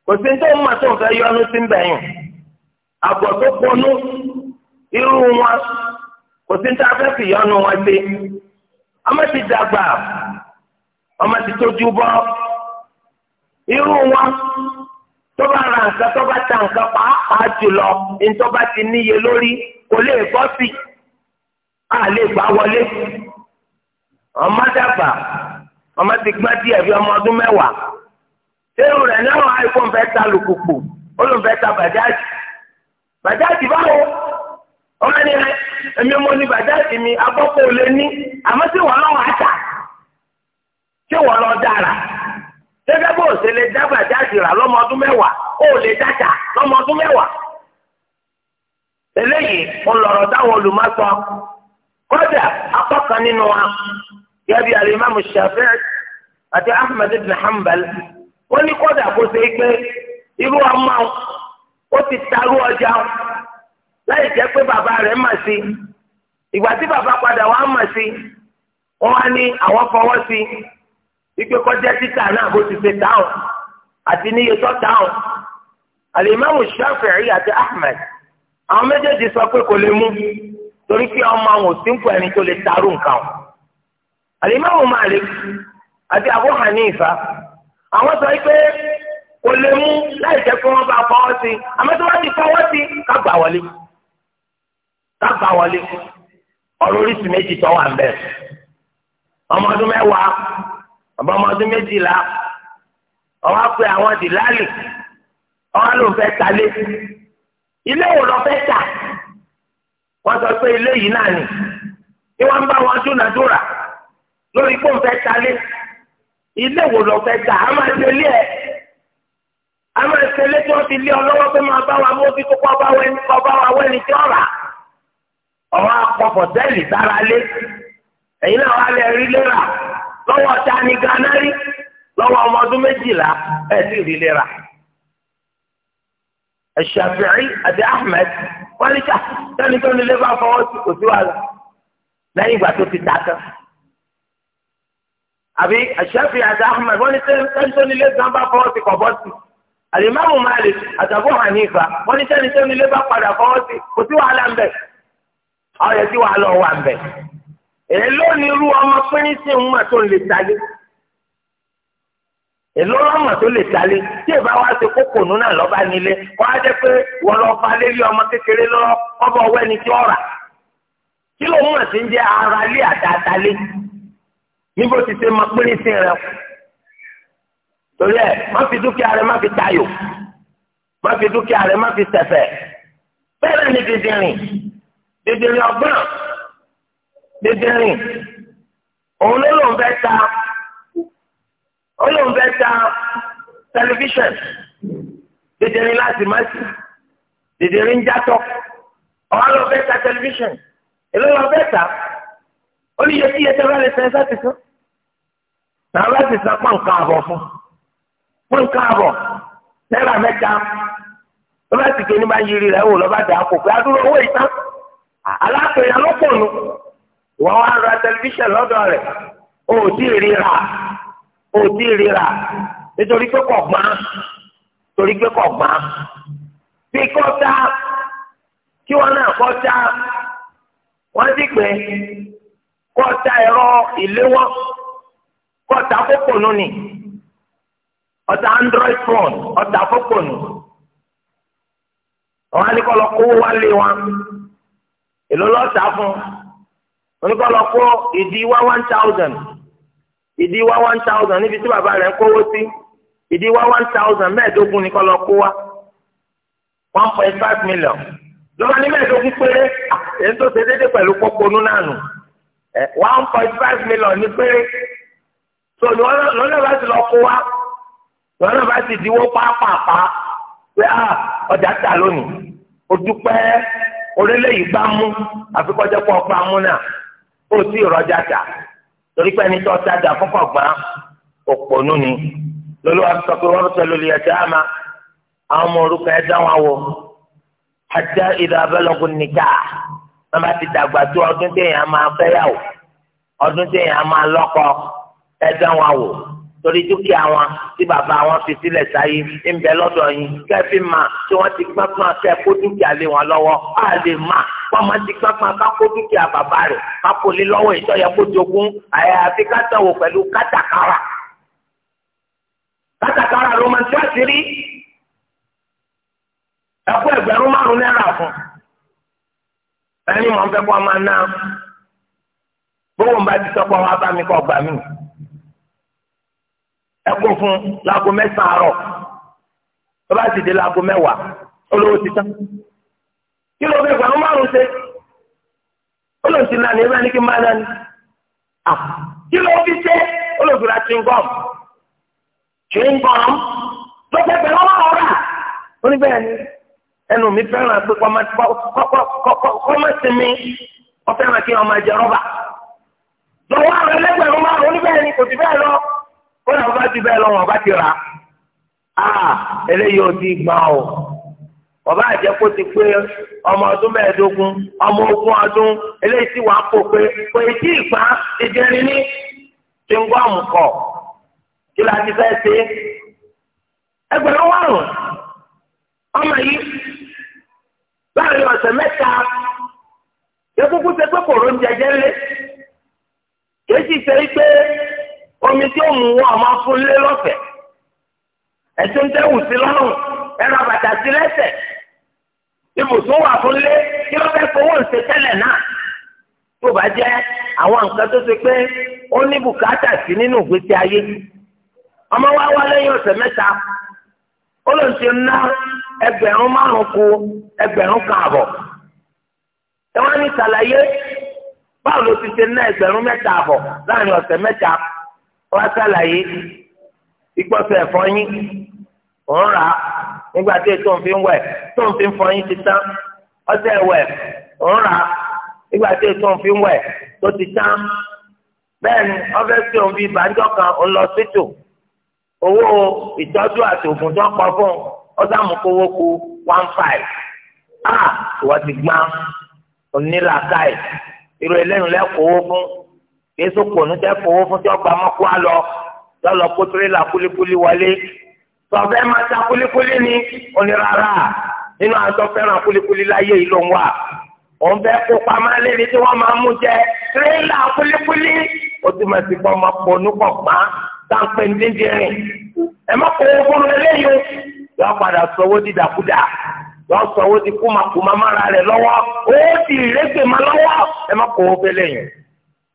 kò sí ní tó ń tó ń yọnu irú wọn kò sí ní abẹ́ fìyọ́nu wọn ṣe ọmọ ti dàgbà ọmọ ti tójú bọ́ irú wọn tó bá ra nǹkan tó bá ta nǹkan pàápàá jùlọ ní tó bá ti níye lórí kò lè bọ́ sí a lè gbà wọlé ọmọ dàgbà ọmọ ti gbọ́n díẹ̀ bí ọmọ ọdún mẹ́wàá irú rẹ̀ náà àìkú ń ta lùkùkù ó ta bàjáàjì bàjáàjì báwo ọmọ ẹni rẹ èmi ọmọ ní bàjáde mi abọ́pọ̀ ò lé ní àmọ́ tí wọ́n lọ́wọ́ àtà tí wọ́n lọ dára gẹ́gẹ́ bó ṣe lè dá bàjáde rà lọ́mọ ọdún mẹ́wàá ó lè dáta lọ́mọ ọdún mẹ́wàá eléyìí ọlọ́rọ̀ táwọn olùmọ̀sọ kọjá akọ́kan nínú wa gẹ́gẹ́ bí alimami àti Ahmad ibn Hanbal wọ́n ní kọjá kó ṣe é pé irú ọmọ ó ti tarú ọjà ó láì jẹ́ pé bàbá rẹ̀ mà sí ìgbà tí bàbá padà wá mà sí wọ́n wá ní àwọn fọwọ́ sí ipe kọjá títà náà bó ti ṣe dáhùn àti níye tó dáhùn alimami shafi'i àti ahmed àwọn méjèèjì sọ pé kò lè mú torí kí ọmọ àwọn òsínkù ẹni tó lè tarú nǹkan alimami malik àti abu hanifa àwọn sọ pé kò lè mú láì jẹ́ pé wọ́n bá fọwọ́ sí àmọ́ tí wọ́n ti fọwọ́ sí ká gbà wọlé. kábà wọlé ọ̀rọ̀ oríṣi méjì tó wà ńbẹ̀ ọmọ ọdún mẹ́wàá ọba ọmọ ọdún méjìlá àwọn dìláàlì ọwọ́ ló talé ilé lọ fẹ́ tà wọ́n sọ pé ilé yìí náà ni bí wọ́n bá wọn dúnadúrà lórí kó n fẹ́ talé ilé lọ tà á máa á máa tí lé ọ pé máa bá wa mú bí kókó ọba ọba ọwọ́ akọ̀fọ̀ tẹ́lì sára lé ẹ̀yin náà wà lẹ́ rí lérà lọ́wọ́ tani gánà rí lọ́wọ́ ọmọ ọdún méjìlá ẹ̀ sì rí lérà. Ṣàfi'í àti Ahmed wọ́n ní ká sẹ́ni tó ní ilé bá fọwọ́ sí kò sí wàhálà lẹ́yìn ìgbà tó ti ta tán. àbí Ṣàfi'í àti Ahmed wọ́n ní sẹ́ni tó ní ilé gan sí kọ̀ sí àlìmáàmù Malik àtàbọ̀ Hanifa wọ́n ní sẹ́ni tó ní ilé padà fọwọ́ sí kò sí ń bẹ̀ ọyọ tí wàá lọ wà bẹ èló ni irú ọmọ pínrín sí ń mọ tó lè talé èló ọmọ tó lè talé tí èbá wa ṣe kókò núnà náà nílé wọn jẹ pé wọ́n lọ lérí ọmọ kékeré lọ́wọ́ ọwọ́ ẹni tí ó rà kí ló mọ̀ sí ń jẹ́ ara rẹ torí ẹ fi dúkìá rẹ má fi tayò má fi dúkìá rẹ má fi bẹ́ẹ̀ ni dèdèrè ọgbọ́n dèdèrè òun ló lòun fẹ́ ta ó lòun fẹ́ ta tẹlifíṣàn dèdèrè láti má sí dèdèrè ń jàtọ̀ ọ̀hán ló fẹ́ ta tẹlifíṣàn èló ló fẹ́ ta ó ní yẹ kí yẹ tẹ́lẹ̀ lè sẹ́yìn sáti sọ náà bá ti san pọ̀nká àbọ̀ fún pọ̀nká àbọ̀ náírà mẹ́ta ló bá ti gbé ní bá yiri rẹ̀ wò lọ́ba dà á kò pé adúlọ̀ owó ìtàn alákùnrin alọ́pọ̀nù wọ́n wá ra tẹlifíṣàn lọ́dọ̀ rẹ̀ ó ti ríra ó ti ríra nítorí pé kò gbọ́n torí pé kò gbọ́n bí kọ́ta kí wọ́n náà kọ́ta wọ́n ti pè kọ́ta ẹ̀rọ ìléwọ́ kọ́ta fọ́pọ̀nù ni ọ̀tá android phone ọ̀tá fọ́pọ̀nù wọ́n á ní kọ́ lọ kó wálé wọn èló lọ tà fún oníkọ́ lọ kó ìdí wá one thousand ìdí wá one thousand níbi tí bàbá rẹ̀ ń kówó sí ìdí wá one thousand mẹ́ẹ̀ẹ́dógún ni kọ́ lọ kó wá one point five million lọ́wọ́ ní mẹ́ẹ̀ẹ́dógún péré ah, èyí tó ṣe déédéé pẹ̀lú pọ́pọ́nú náà nù one point five million ní péré so lọ́nà bá ti lọ kó wá lọ́nà bá ti diwó pàápàá pé ah, ọjà tà lónìí o dúpẹ́ orílẹ̀ yìí bá mú àfikọ́jọ́ pọ̀ bá mú náà ó sì rọjà tà torí pé ẹni tó tajà fúnpọ̀ gbọ́n òpònú ni lọ́lọ́wọ́ sọ pé wọ́n sọ lórí ẹ̀jẹ̀ àmà àwọn ọmọ orúkọ ẹ̀ dá wò àti ìdá abẹ́lọ́gùn nìkà wọ́n bá ti dàgbà tó ọdún téèyàn máa fẹ́yàwó ọdún téèyàn máa lọ́kọ ẹ̀ dá wò torí dúkìá wọn tí bàbá wọn fi sílẹ̀ sáyé ń bẹ lọ́dọ̀ yín kẹ́fí mà tí wọ́n ti gbọ́n kẹ́ kó dúkìá lé wọn lọ́wọ́ á lè mà wọ́n máa ti gbọ́n ká kó dúkìá bàbá rẹ̀ ká kó lé lọ́wọ́ ìtọ́yẹ kó jogún àyàfi ká tẹ̀wò pẹ̀lú kátàkárà kátàkárà ló máa ń tẹ́ àṣírí ẹ̀kú ẹgbẹ̀rún márùn-ún náírà fún ẹni mọ̀ ń fẹ́ kó ọmọ náà bówó ń bá ti sọ́kọ̀ wọn bá ẹkún fún láago mẹ́sàn-án àárọ̀ tó bá sì dé láago mẹ́wàá olówó ti tán kí ló fẹ́ gbà ń márùn ṣe olóòtú náà ní ẹgbẹ́ ní kí n máa náà ní kí ló fi ṣe olóòtú ra chingom chingom tó fẹ́ bẹ̀rẹ̀ wọ́n máa rà ó ní bẹ́ẹ̀ ni ẹnu mi fẹ́ràn pé kọ́mọ́sí mi wọ́n fẹ́ràn kí wọ́n máa jẹ rọ́bà lọ́wọ́ àwọn ẹlẹ́gbẹ̀rún márùn ó ní bẹ́ẹ̀ ni kò sí bẹ́ẹ̀ lọ kódà wọn bá ti bẹ́ẹ̀ lọ wọn bá ti rà á ah, eléyìí ò ti gbọ́n o bàbá àjẹ kó ti pé ọmọ ọdún mẹ́ẹ̀ẹ́dógún ọmọ ogún ọdún eléyìí ti wà á kó pé kò ì tí ì gbá ìjẹrin ní ti ń gbọ́ ọ̀hún kọ̀ kí la ti fẹ́ ṣe ẹgbẹ̀rún márùn-ún ọmọ yìí láàrin ọ̀sẹ̀ mẹ́ta yẹ kúkú ṣe pé kòró ń jẹjẹ lé kéjì ṣe é pé. omi tí ó mú wọn máa fún lé lọ́fẹ̀ẹ́ ẹ̀sìn ń tẹ́wù sí lọ́rùn ẹ̀rọ bàtà sí lẹ́sẹ̀ ibùsùn wà fún lé kí ló fẹ́ fowó ṣe tẹ́lẹ̀ náà tó bá jẹ́ àwọn nǹkan tó ṣe pé ó ní bùkátà sí nínú ìgbésí ayé ọmọ wa wá lẹ́yìn ọ̀sẹ̀ mẹ́ta ó ná wọ́n á sàlàyé ìgbọ́sẹ̀ fọyín òun rà á nígbà tí ètò òun fi ń wẹ̀ tó òun fi ń fọyín ti tán ọṣẹ ìwẹ̀ òun rà á nígbà tí ètò òun fi ń wẹ̀ tó ti tán bẹ́ẹ̀ ni ọbẹ̀ tí òun fi ìbànújọ́ kan òun lọ sítò owó ìtọ́jú àti òògùn tó ń pọ̀ fún un ọ̀sán mú kówó ku one five ah ìwọ ti gbọ́n onílàkàì irú eléyìí lẹ́kọ̀ọ́ fún kìí sọ̀kò ní tẹ́ fowó fún tí ọgbà mọ́kú á lọ lọ́lọ́ kó tirẹ́là kúlíkúlí wọlé tọ́fẹ́ máa ta kúlíkúlí ni onírara nínú àwọn tọ́fẹ́ràn kúlíkúlí láyé yìí ló ń wà òun fẹ́ kó pamọ́ lérí tí wọ́n máa mú jẹ tirẹ́là kúlíkúlí ó ti máa ti pọ́ ọmọ pọ̀ nípọ̀ pa táǹpẹ́ ndíndínrín ẹ má kó owó fún eléyìí yọ padà sọ owó dídàkudà yọ sọ owó ti kú màkùmá mára rẹ lọ́wọ́ owó ti ìrẹ́gbẹ̀má lọ́wọ́ ẹ má kó owó fẹ́ lẹ́yìn.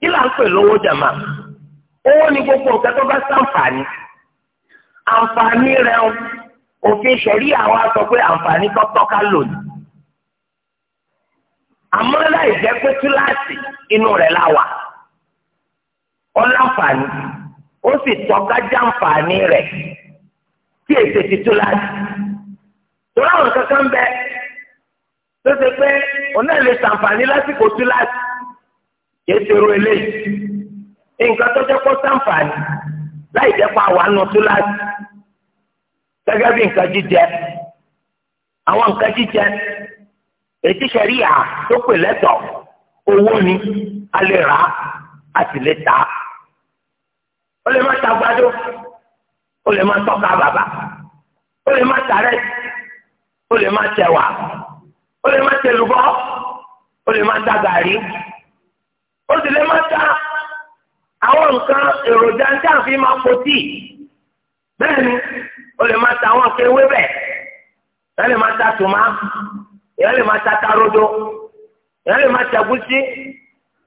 kí là ń pè lówó jàmá owó ni gbogbo nǹkan tó bá sàǹfààní àǹfààní rẹ òfin ṣẹ̀rí àwa sọ pé àǹfààní tọ́tọ́ ká lò ní. àmọ́ láì jẹ́ pé kíláàsì inú rẹ̀ la wà ó láǹfààní ó sì tọ́ka jàǹfààní rẹ̀ tí èsè ti kíláàsì. torí àwọn kankan bẹ tó ṣe pé òun náà lè ṣàǹfààní lásìkò kíláàsì kéṣerú eléyìí nǹkan tó jẹ́ kó sàǹfààní láì jẹ́ kó àwọn àánú tó láti gẹ́gẹ́ bí nǹkan jíjẹ àwọn nǹkan jíjẹ ètí sẹ́ríyà tó pè lẹ́tọ̀ owó ni a lè rà á sì lè tà á ó lè má ta gbàdó ó lè má tọ́ka bàbà ó lè má tàrẹ́ ó lè má tẹ̀wà ó lè má tẹ̀lùbọ́ ó lè má ta ó sì lè má ta àwọn nǹkan èròjà tí a fi máa po tíì bẹ́ẹ̀ ni ó lè má ta àwọn nǹkan ewébẹ̀ ìyá lè má ta tòmá ìyá lè má ta tarodo ìyá lè má ta gúsí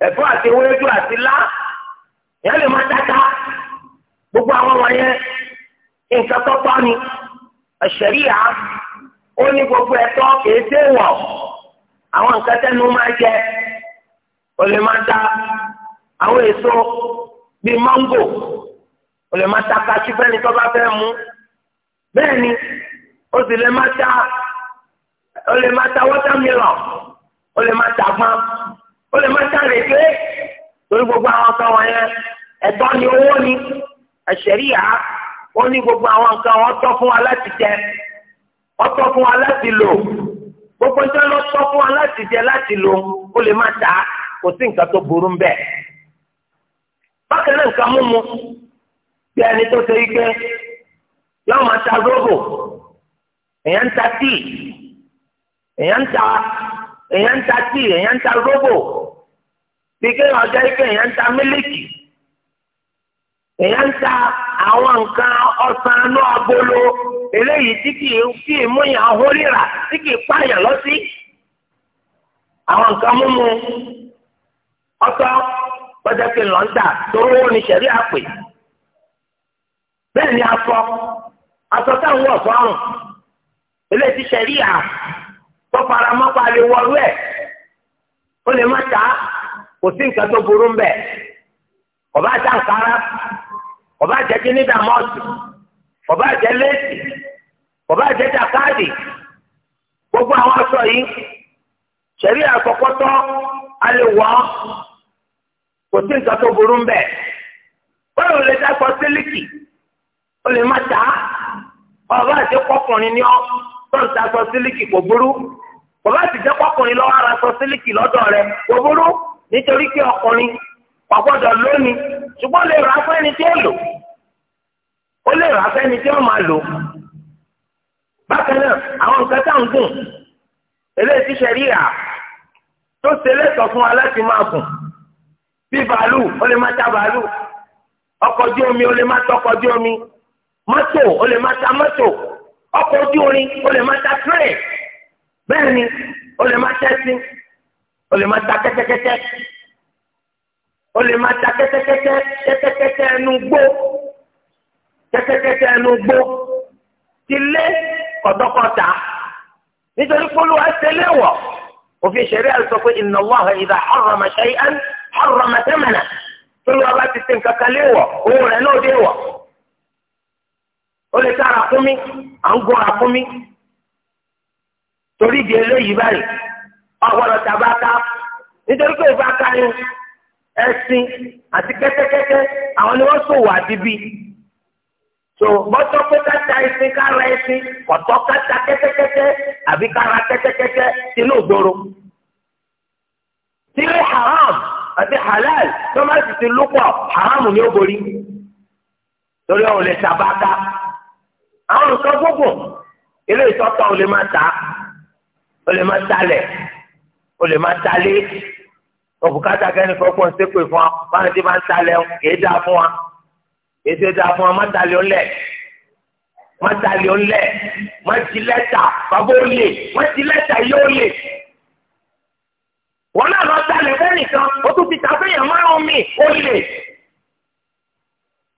ẹ̀fọ́ àti ewédú àti lá ìyá lè má tata gbogbo àwọn wọ̀nyẹn nǹkan tọ́tọ́ ni àṣẹríyà ó ní gbogbo ẹ̀tọ́ kìí dé wọ̀ àwọn nǹkan tẹnu máa jẹ o lè máa ta àwọn èso bíi máńgò o lè máa ta kaṣú fẹ́ni tó bá fẹ́ mú bẹ́ẹ̀ ni o sì lè máa ta o lè máa ta wọ́tàmílọ̀n o lè máa ta gbọ́n o lè máa ta rèké torí gbogbo àwọn nǹkan wọ̀nyẹn ẹ̀tọ́ ni owó ni àṣẹríyà ó ní gbogbo àwọn nǹkan ọ̀tọ̀ fún wa láti jẹ ọ̀tọ̀ fún wa láti lò gbogbo ìjọ lọ tọ́ fún wa láti jẹ láti lò ó lè má ta á. kò sí nǹkan tó burú ń bẹ̀. bákan náà nǹkan mímu bí ẹni tó ṣe ike yóò máa ta róbò èèyàn ń ta tíì èèyàn ń ta tíì èèyàn ń ta ike èèyàn ń ta mílíkì èèyàn ń ta àwọn nǹkan ọ̀sán inú eléyìí tí kì í tí kì í pààyàn lọ sí ọtọ kọjá pé lọ́ńdà torí wọn ni sẹ̀rí àpè bẹ́ẹ̀ ni aṣọ aṣọ táwọn wọ̀ eléyìí ti à tọ́faramọ́pá lè wọlú ó lè ta kò sí nǹkan tó burú ń ọba àti ọba àti ẹjẹ ní ọba àti ọba àti ẹjẹ gbogbo àwọn aṣọ yìí kò sí nǹkan tó burú ń bẹ̀. báwo lè dákọ sílíkì o lè má ta ọba àti kọkùnrin ni ọ tó ń ta sọ sílíkì kò burú bàbá àti jẹ́ kọkùnrin lọ́wọ́ ara sọ sílíkì lọ́dọ̀ rẹ̀ kò burú nítorí pé ọkùnrin pàgbọ́dọ̀ lónìí ṣùgbọ́n lè rà fẹ́ni tí ó lò ó lè rà fẹ́ni tí ó máa lò bákan náà àwọn nǹkan tá à ń gùn eléyìí ti ṣẹ̀ríyà tó ṣe lẹ́tọ̀ọ́ fún wa máa gùn bí bàálù ó lè má ta bàálù ọkọ̀ ojú omi ó lè má ta ọkọ̀ ojú omi mọ́tò ó lè má ta mọ́tò ọkọ̀ ojú orin ó lè má ta tírẹ̀ bẹ́ẹ̀ ni ó lè má tẹ́sí ó lè má ta kẹ́tẹ́kẹ́tẹ́ ó lè má ta kẹ́tẹ́kẹ́tẹ́ kẹ́tẹ́kẹ́tẹ́ ẹnu gbó kẹ́tẹ́kẹ́tẹ́ ẹnu gbó ti lé kọ̀dọ́kọ̀ta nítorí polówó ẹsẹ̀ léwọ̀ òfin ṣẹ̀rí àlùsọ pé inna Allaha idha harrama shay'an. harrama thamana tó lọ́wọ́ bá ti ṣe nǹkan kan léèwọ̀ owó rẹ̀ náà déèwọ̀ ó lè ká ràkúnmí à ń gun ràkúnmí torí di eléyìí báyìí ọ̀gbọ́dọ̀ tàbá ká nítorí ẹṣin àti àwọn ni wọ́n haram àti halal tó má sì ti lúpọ̀ haramu ni ó borí torí ọ̀hún lè sàbáta àwọn nǹkan gbogbo ilé ìtọ́tọ̀ ò lè má ta ó lè má talẹ̀ ó lè má talé òbúkátà kẹ́ni fọ́pọ̀ ń sépè fún wa báwọn ti máa ń talẹ̀ kìí dáa fún wa kìí ṣe dáa fún wa má talẹ̀ ó lẹ̀ má talẹ̀ ó lẹ̀ má ti lẹ́tà bàbá ó lè má ti lẹ́tà yóò lè wọn náà lọ dalẹ̀ fẹ́nìkan ó tún ti ta fẹ́yàn márùn mi ó lè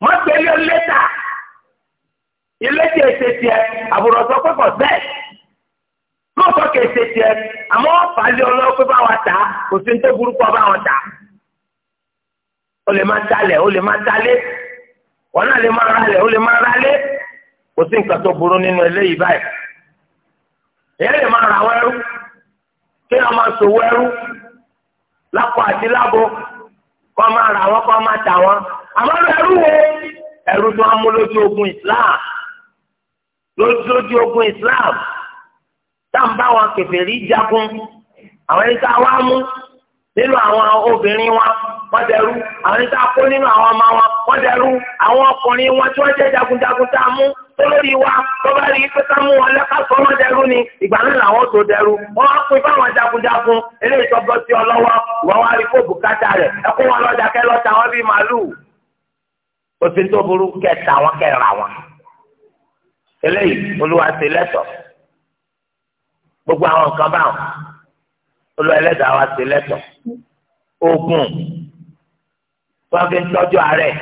má tẹ̀lé lẹ́tà ilé tí èsè tiẹ̀ àbúrò sọ pé kò bẹ́ẹ̀ lóòótọ́ kì í ṣe tiẹ̀ àmọ́ fàálẹ̀ ọlọ́wọ́ pé bá wa tà á kò sí ní tó burúkú ọba wọn tà á ó lè má dalẹ̀ ó lè má dalẹ̀ wọn náà lè má ralẹ̀ ó lè má ralẹ̀ kò sí nǹkan tó burú nínú eléyìí báyìí èyí lè má ra àwọn ẹrú kí wọn máa sòwò ẹrú lápò àti lábo kọ́ máa rà wọ́n kọ́ máa tà wọ́n àmọ́ ẹrú wo ẹrú tó ń mú lójú ogun Islam lójú ogun Islam táǹbà wọn kèfèrí jagun àwọn ẹni tá a wá mú nínú àwọn obìnrin wa wọ́n dẹrú àwọn ẹni tá a kó nínú àwọn ọmọ wa wọ́n dẹrú àwọn ọkùnrin wọn tí wọ́n jẹ́ jagunjagun tá a mú tọ́lọ́rí wa tọ́ba rí pé ká mú wọn lẹ́kàtọ́ wọn dẹrú ni ìgbà náà làwọn tó dẹrú wọn á pín fáwọn jagunjagun eléyìí tó bọ́ sí ọ lọ́wọ́ wọn wá rí kó bùkátà rẹ̀ ẹ kó wọn lọ́jà kẹ́ lọ́ta wọn bíi màálùú òfin tó burú kẹta wọn kẹra wọn eléyìí olúwa ti lẹ́tọ̀ gbogbo àwọn nǹkan báwọn olúwa ẹlẹ́dàá wa ti lẹ́tọ̀ oògùn wọn tọ́jú àárẹ̀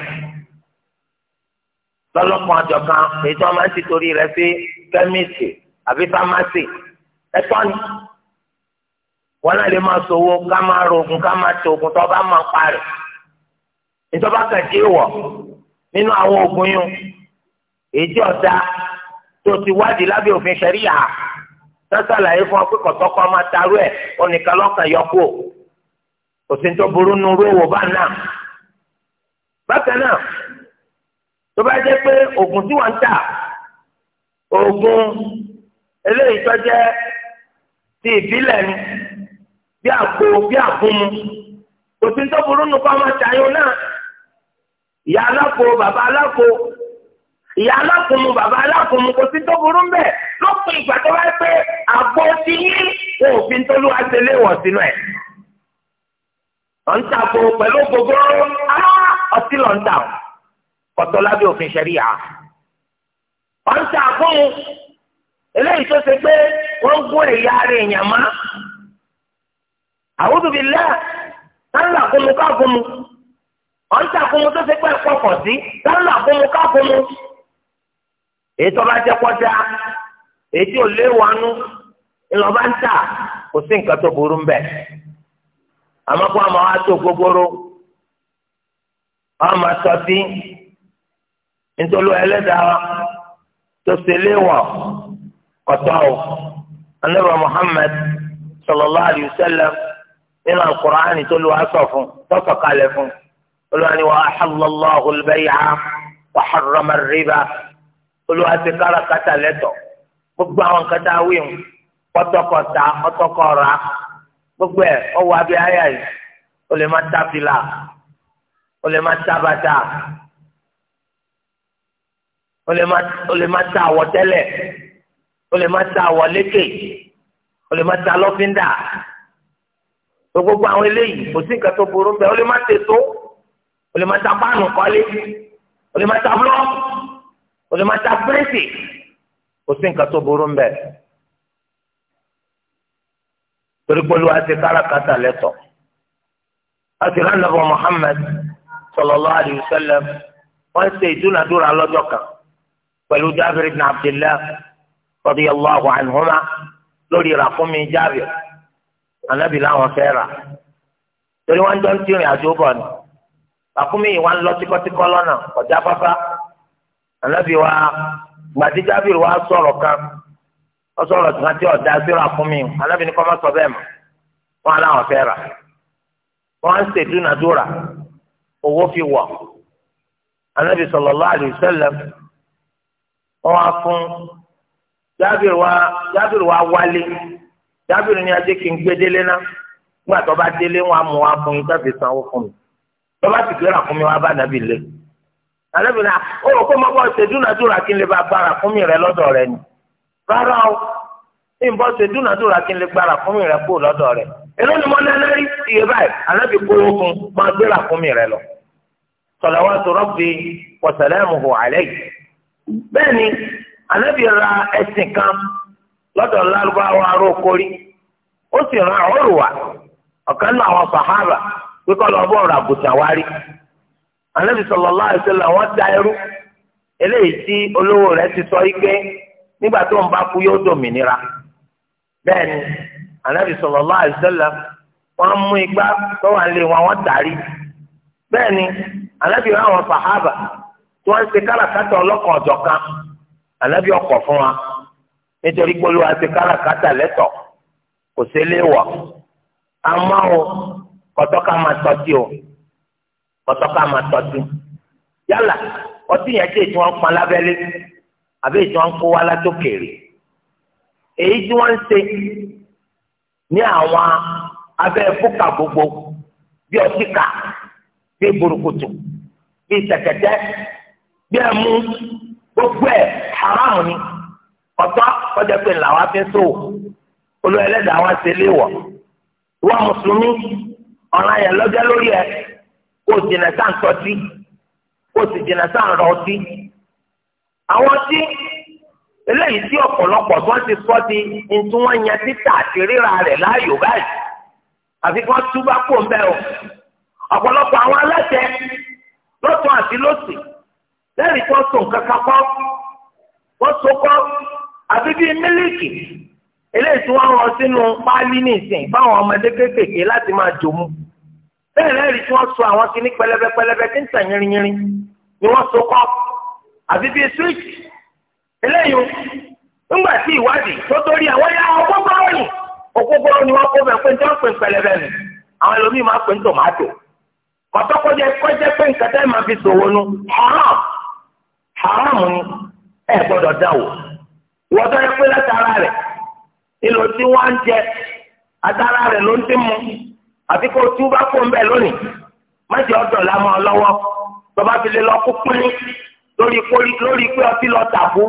lọ́lọ́kan àjọkan èyí tí wọ́n máa ń ti torí rẹ̀ sí kẹ́míìsì àbí fámásì ẹ̀tọ́ ni wọn náà lè máa sọ̀wọ́ ká máa rògùn ká máa tó oògùn tó bá máa parí ìjọba kẹ̀kẹ́ wọ̀ nínú àwọn oògùn yìí èyí tí ọ̀dà tó ti wádìí lábẹ́ òfin ṣẹ̀ríyà sásàlàyé fún ọ pé kọ̀tọ́kọ́ máa tarú ẹ̀ oníkan lọ́kàn yọkú o kò sí ní tó burú nu rú bá náà bákan náà tó bá jẹ́ pé oògùn tí wọ́n ń tà oògùn eléyìí tó jẹ́ ti ìbílẹ̀ ni bí àgbo bí àgúnmu kò sí tó burú nù kọ́ máa ṣàyún náà ìyá aláko bàbá aláko ìyá alákùnmu bàbá alákùnmu kò sí tó burú mbẹ lópin ìgbà tó bá pé àgbo ti yín òfin tó ló wá ṣe léwọ̀ sínú ẹ̀ ọ̀ ń tàkò pẹ̀lú gbogbo ọtí lọ́ńtà kọ̀tọ́ lábẹ́ òfin ṣẹ̀ríà. wọ́n ti àfọ́hùn eléyìí tó ṣe pé wọ́n gún ẹ̀yà ara èèyàn mọ́. àwùjọ bíi lẹ́ẹ̀ sáńlá kúnmu ká kúnmu wọ́n ti àkúnmu tó ṣe pé ẹ̀kọ́ akụnụ sí sáńlá kúnmu ká èyí tó bá kọjá èyí tí ò ń tà kò nítorí ẹlẹ́dàá tó ṣe léwọ̀ kọ̀tọ́ o anábà muhammed sallallahu alayhi wa sallam nínú alukur'an tó lu aṣọ fún tọ́sọ̀ kalẹ̀ fún olùwàní wa ahallallahu albay'a wa harrama riba olùwà ti kára kata lẹ́tọ̀ gbogbo àwọn kata wíwù kọ́tọ́kọ̀ta ọ̀tọ́kọ̀ra gbogbo ẹ̀ ọwọ́ abẹ́ olè má tábìlà olè má tábàtà. o lè má o ta àwọ̀ tẹ́lẹ̀ o lè má ta àwọ̀ lékè o lè má ta lọ́fíńdà gbogbo àwọn eléyìí kò sí nǹkan tó burú bẹ́ẹ̀ o lè má tètò o lè má ta páànù kọ́lé o lè má ta o lè má ta pírẹ́sì kò sí nǹkan tó burú bẹ́ẹ̀ torí pé olúwa ti lẹ́tọ̀ àti sallallahu wọ́n ṣe ìdúnadúrà lọ́jọ́ kan. pẹ̀lú jábìrì ibn abdullah radiyallahu anhuma lórí ràkúnmí jábìrì ànábì láwọn fẹ́ rà torí wọ́n jọ ń tìrìn àjò bọ̀ ni ràkúnmí yìí wọ́n lọ tíkọ́tíkọ́ lọ́nà ọ̀já pápá ànábì wa gbàdí jábìrì wa sọ̀rọ̀ kan ó sọ̀rọ̀ kan tí ọ̀dà sí ràkúnmí ànábì ní kọ́ bẹ́ẹ̀ mọ́ wọ́n láwọn fẹ́ rà wọ́n ń ṣèdúnadúrà owó fi wọ̀ ànábì sallallahu alaihi wọn wá fún jábìrì wá jábìrì wá wálé jábìrì ni ajé kí n gbé délé ná nígbà tó bá délé wọn á mú wá fún yín káfí sanwó fún mi tó bá ti gbéra fún mi wá bá nàbì lé àlẹ́bí náà ó rò pé mo ṣe dúnadúrà kí n lè bá bára fún mi rẹ lọ́dọ̀ rẹ ni rárá o ní n bọ́ ṣe dúnadúrà kí n lè gbára fún mi rẹ kó lọ́dọ̀ rẹ èló ni mo ná lẹ́rí iye báyìí àlẹ́bí kówó fún máa gbéra fún mi rẹ lọ. salawatu rabbi wa salamuhu alayhi bẹ́ẹ̀ ni ànábì kan lọ́dọ̀ lárúbáwá arókórí ó sì àwọn sàhábà ra àgùntàn wárí ànábì sallallahu wọ́n da eléyìí tí olówó rẹ̀ ti sọ yí pé nígbà tó ń bá kú yóò dòmìnira bẹ́ẹ̀ ni wọn wọ́n tí ń ṣe káràkátà ọlọ́kan ọ̀jọ̀kan ànábì ọkọ̀ fún wa nítorí pé olúwa ṣe lẹ́tọ̀ kò sí léèwọ̀ àmọ́ o kọ̀tọ́ká máa tọ́jú o kọ̀tọ́ká máa tọ́jú yálà ọtí yẹn tí tí wọ́n ń lábẹ́lé àbí èyí tí wọ́n ń kó wá èyí tí wọ́n ń ṣe ní àwọn abẹ́ fúkà gbogbo bí bí burúkutu bí tẹ̀tẹ̀tẹ̀. bí ẹ mú gbogbo ẹ haram ni ọ̀tọ̀ ọjọ́ pé ńlá wa fi ń sòwò olú ẹlẹ́dàá wa ṣe lé wọ̀ ìwọ mùsùlùmí ọ̀ràn yẹn lọ́jọ́ lórí ẹ kó jìnnà sáà ń tọ́tí kó sì jìnnà sáà ń rọ ọtí àwọn tí eléyìí tí ọ̀pọ̀lọpọ̀ tí wọ́n ti sọ di ntí wọ́n yan títà àti ríra rẹ̀ láàyò báyìí àfi kí wọ́n túbá kó ń bẹ́ o ọ̀pọ̀lọpọ̀ àwọn aláṣẹ lọ́tún àti lọ́sìn lẹ́rìí tó sùn kankan kọ́ wọ́n so kọ́ àbí bíi mílíkì eléyìí tí wọ́n rọ sínú páálí nìsín báwọn ọmọdé kéékèèké láti máa jòmú bẹ́ẹ̀ lẹ́rìí tí wọ́n so àwọn kìíní pẹlẹbẹ pẹlẹbẹ tí ń tàn yínrínyínrín ni wọ́n so kọ́ àbí bíi swíìtì eléyìí ńgbà tí ìwádìí tó torí àwọn ya ọgbọ́gbọ́ ọ̀yìn òkúgbọ́ ni wọ́n kó bẹ̀ pé tí wọ́n pè ń pẹlẹbẹ nù àwọn ẹlòmíì máa pè ń tòmátò kọ́tọ́kọ́jẹ́ kọ́jẹ́ pé nǹkan tẹ́ máa fi sòwò nu haram haramu ni ẹ gbọ́dọ̀ dá o wọ́n yẹ pé látara rẹ̀ tí wọ́n á ń jẹ atara rẹ̀ ló ń mu àti kó tú bá kó ń bẹ̀ lónìí má jẹ́ ọ̀dọ̀ lámọ́ lọ́wọ́ fi lè lọ lórí pé ọtí lọ tàbú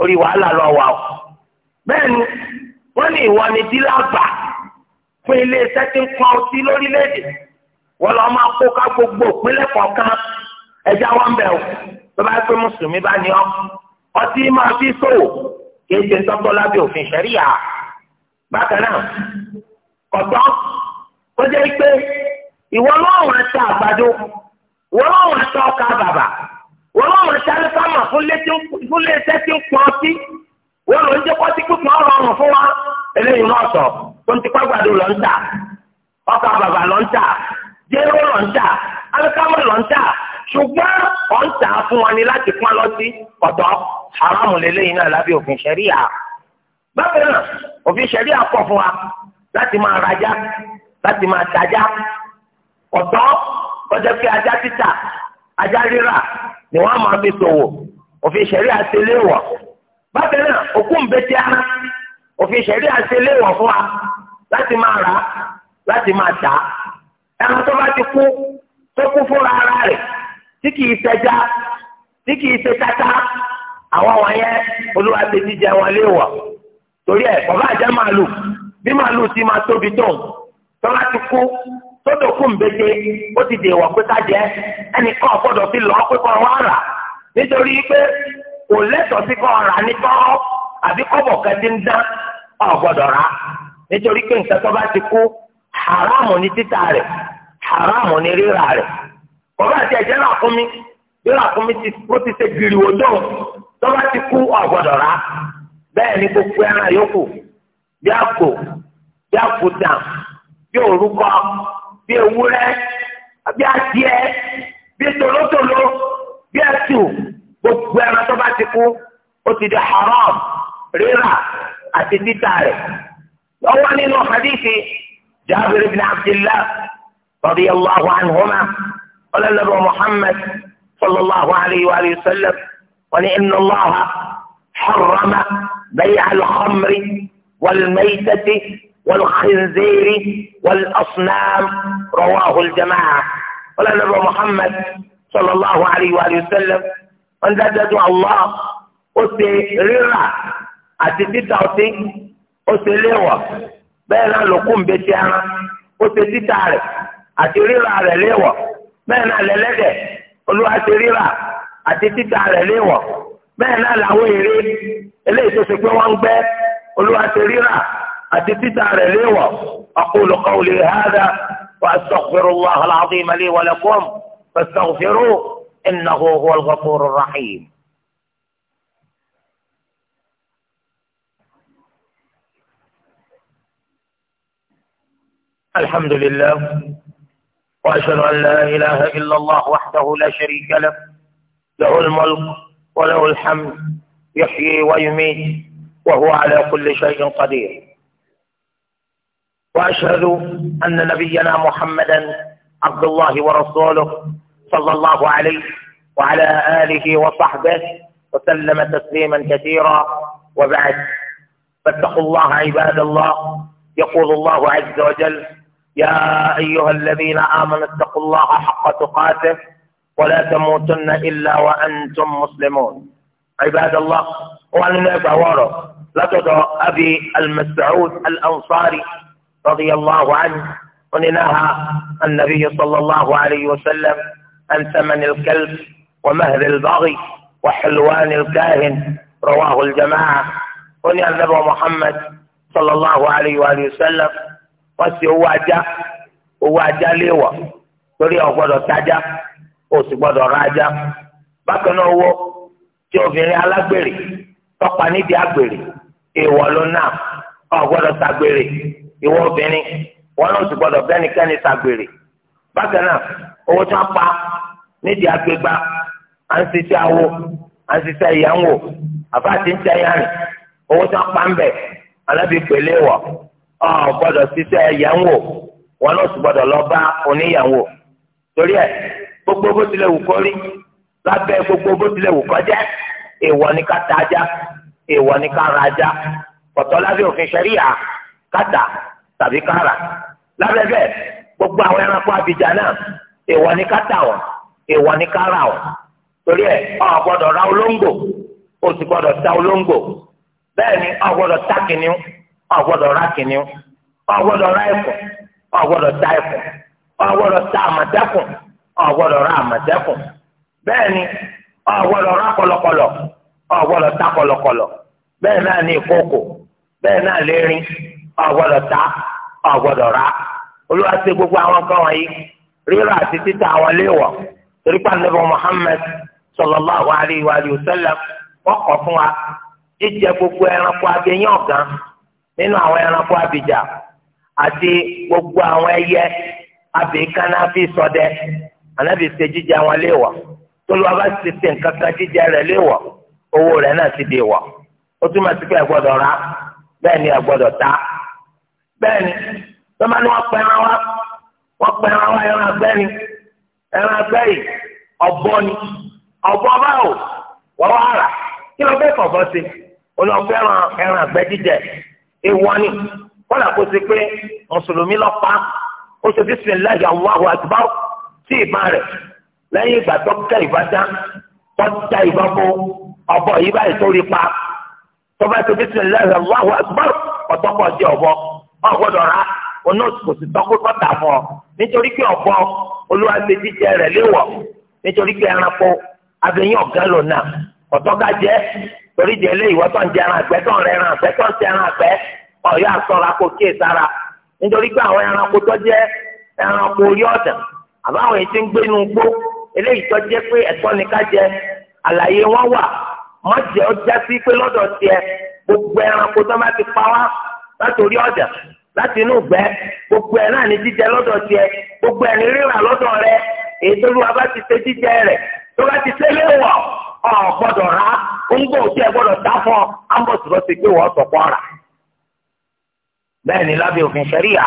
orí wàhálà lọ wà o bẹ́ẹ̀ ni wọ́n gbogbo kọ̀ọ̀kan wọn bẹ̀ o. bàbá pé mùsùlùmí bá ní ọ ọtí máa fi sòwò kìí ṣe tọ́gbọ́n lábẹ́ òfin ṣẹ̀ríyà bákan náà kọ̀tọ́ ó jẹ́ pé ìwọ náà wọ́n ta àgbàdo ìwọ náà wọ́n ta ọkà bàbà ìwọ náà wọ́n ta alifámà fún léṣẹ́ tí ń pọn ọtí wọ́n lọ ń jẹ́ kọ́tí pípọ̀ ọ̀rọ̀rùn fún wa eléyìí náà sọ tó ń tipa gbàdo lọ ń tà ọkà bàbà lọ ń tà jéró lọ ń tà alikama lọ ń tà ṣùgbọ́n ọ̀ ń tà á fún wọn ni láti pọ́n lọ sí ọ̀dọ́ haramu lélẹ́yìn náà lábẹ́ òfin ṣẹ̀ríà. bákan náà òfin ṣẹ̀ríà kọ̀ fún wa láti máa rajá láti máa tajá ọ̀dọ́ kọjá pé ajá títà ajá rírà ni wọ́n máa fi ṣòwò òfin ṣẹ̀ríà ṣe léèwọ̀. bákan náà òkú ń bẹ tí ara òfin ṣẹ̀ríà ṣe léèwọ̀ fún wa láti máa rà láti máa tà ẹran tó bá ti kú tó kú fúnra ara rẹ̀ tí kìí ṣẹja tí kìí ṣe tata àwọn wọ̀nyẹn olúwa ti jíjẹ wọn léèwọ̀ torí ẹ̀ kò bá jẹ́ bí màálù ti máa tóbi tó tọ́lá ti kú tódò kú mbete ó ti dèwọ̀ pé ká jẹ ẹnì kan gbọ́dọ̀ fi lọ́ pé kọ́ wá rà nítorí pé kò lẹ́tọ̀ọ́ sí kọ́ rà ní àbí kọ́bọ̀ kẹ́tí ń dán ọ̀rọ̀ àti ẹ̀jẹ̀ rà fún mi bí fún mi ti ó ti ṣe gìrìwò dùn tọ́ba ti kú ọ̀gbọ́dọ̀ rà bẹ́ẹ̀ ni gbogbo ẹran yòókù bí àpò bí àpòtà bí òrúkọ bí ewúrẹ́ bí adìẹ bí bí ẹtù gbogbo ẹran ti kú ó ti di haram rírà àti títà rẹ̀ ọwọ́ nínú hadithi Jabir ibn Abdillah radiyallahu ولا نبي محمد صلى الله عليه وآله وسلم ولأن الله حرم بيع الخمر والميتة والخنزير والأصنام رواه الجماعة ولا نبي محمد صلى الله عليه وآله وسلم من ذا جدو الله أسرر أتتتا أتي أسرر بينا لكم بيتيانا أتتتا أتي رر على لوا bẹ́ẹ̀ náà lẹ́lẹ́dẹ̀ olúwa ti ríra àti títà rẹ̀ léwọ̀ bẹ́ẹ̀ náà làwọn èrè eléyìí tó ṣe pé wọ́n ń gbẹ́ olúwa ti ríra àti títà rẹ̀ léwọ̀ aqulu qawli hádà wa wà astaghfirullaha al-azima kọ́m wa lakum ẹ̀nà hóhó huwal ghafurur rahim. الحمد لله وأشهد أن لا إله إلا الله وحده لا شريك له له الملك وله الحمد يحيي ويميت وهو على كل شيء قدير وأشهد أن نبينا محمدا عبد الله ورسوله صلى الله عليه وعلى آله وصحبه وسلم تسليما كثيرا وبعد فاتقوا الله عباد الله يقول الله عز وجل يا أيها الذين آمنوا اتقوا الله حق تقاته ولا تموتن إلا وأنتم مسلمون عباد الله وأننا بعواره لقد أبي المسعود الأنصاري رضي الله عنه نهى النبي صلى الله عليه وسلم عن ثمن الكلب ومهر البغي وحلوان الكاهن رواه الجماعة ونهى النبي محمد صلى الله عليه وآله وسلم wọ́n owó ajá owó ajá léèwọ̀ torí ọgbọdọ tajá ó sì gbọ́dọ̀ ajá bákan náà owó tí obìnrin alágbèrè tọpa nídìí àgbèrè èèwọ̀ ló náà ọgbọdọ gbọ́dọ̀ ìwọ obìnrin wọn náà sì gbọ́dọ̀ bẹ́nikẹ́ni bákan náà owó tí wọ́n pa nídìí àgbégbá à ń ṣiṣẹ́ awo à ń ìyàwó àbá ọ gbọ́dọ̀ ṣiṣẹ́ ìyàwó wọn náà sì gbọ́dọ̀ lọ bá oníyàwó torí ẹ gbogbo bó tilẹ̀ wù kórí lábẹ́ gbogbo bó tilẹ̀ wù kọjá èèwọ̀ ni ká ta ajá èèwọ̀ ni ká ra ajá kọ̀tọ́ lábẹ́ òfin ṣẹ́ríyà kàtà tàbí kára lábẹ́ bẹ́ẹ̀ gbogbo àwọn ẹranko abidjan náà èèwọ̀ ni ká tà wọ́n èèwọ̀ ni ká rà wọ́n torí ẹ ọ ra olóńgbò o sì gbọ́dọ̀ ta olóńgbò bẹ́ẹ̀ ni ọ ta kìnìún ọ gbọ́dọ̀ ra kìnìún ọ gbọ́dọ̀ ra ẹkùn ọ gbọ́dọ̀ ta ẹkùn ọ ta àmọ̀tẹ́kùn ọ gbọ́dọ̀ ra ni ọ kọlọkọlọ ọ ta kọlọkọlọ náà ní ìkókò náà lérin ọ ta ọ ra gbogbo àwọn kan rírà àti títà àwọn alayhi fún wa jíjẹ gbogbo ẹranko nínú àwọn ẹranko abìjà àti gbogbo àwọn ẹyẹ abìkaná fi sọdẹ ànábì ṣe jíjẹ wọn léèwọ̀ tólúwa bá ti ṣe nǹkan jíjẹ rẹ léèwọ̀ owó rẹ náà ti di wọ̀ ó túmọ̀ sí pé ẹ gbọ́dọ̀ rà bẹ́ẹ̀ ni ẹ gbọ́dọ̀ bẹ́ẹ̀ ni ni wọ́n pẹ́ ẹran wa wọ́n pẹ́ ẹran wa ẹran ni ẹran yìí ọ̀bọ ni ọ̀bọ wọ́n rà kí ló fẹ́ èèwọ̀ ni kọ́lá kó ṣe pé mùsùlùmí lọ́pàá ó ṣe bisimilahi Allahu akbar sí ìbá rẹ̀ lẹ́yìn ìgbà tó kẹ́ ìbádá tó da ìbá fún ọ̀bọ yìí báyìí tó rí pa tó bá ṣe bisimilahi Allahu akbar ọ̀tọ́kọ̀ ọjọ́ ọ̀bọ wọn gbọ́dọ̀ ra oná kò sì tọ́kú kọ́tà fún ọ nítorí pé ọ̀bọ olúwa ṣe jíjẹ rẹ̀ léwọ̀ nítorí pé ẹranko abẹ́yìn ọ̀gá lò náà ọ̀tọ́ká jẹ́ torí di eléyìí wọ́n tó ń jẹ ẹran àgbẹ̀ tó ń rẹ tó ń ọ̀yọ́ àsọ̀ra kò kíyè sára nítorí pé àwọn ẹranko tó ẹranko orí àbáwọn èyí ti ń gbé inú gbó eléyìí pé ẹ̀tọ́ ni ká jẹ àlàyé wọn wà pé lọ́dọ̀ tiẹ̀ gbogbo ẹranko ti pa láti orí láti inú ọ gbọ́dọ̀ rà ńgbọ òtí ẹ ọ wọn sọ pọ rà ni lábẹ́ òfin ṣẹríà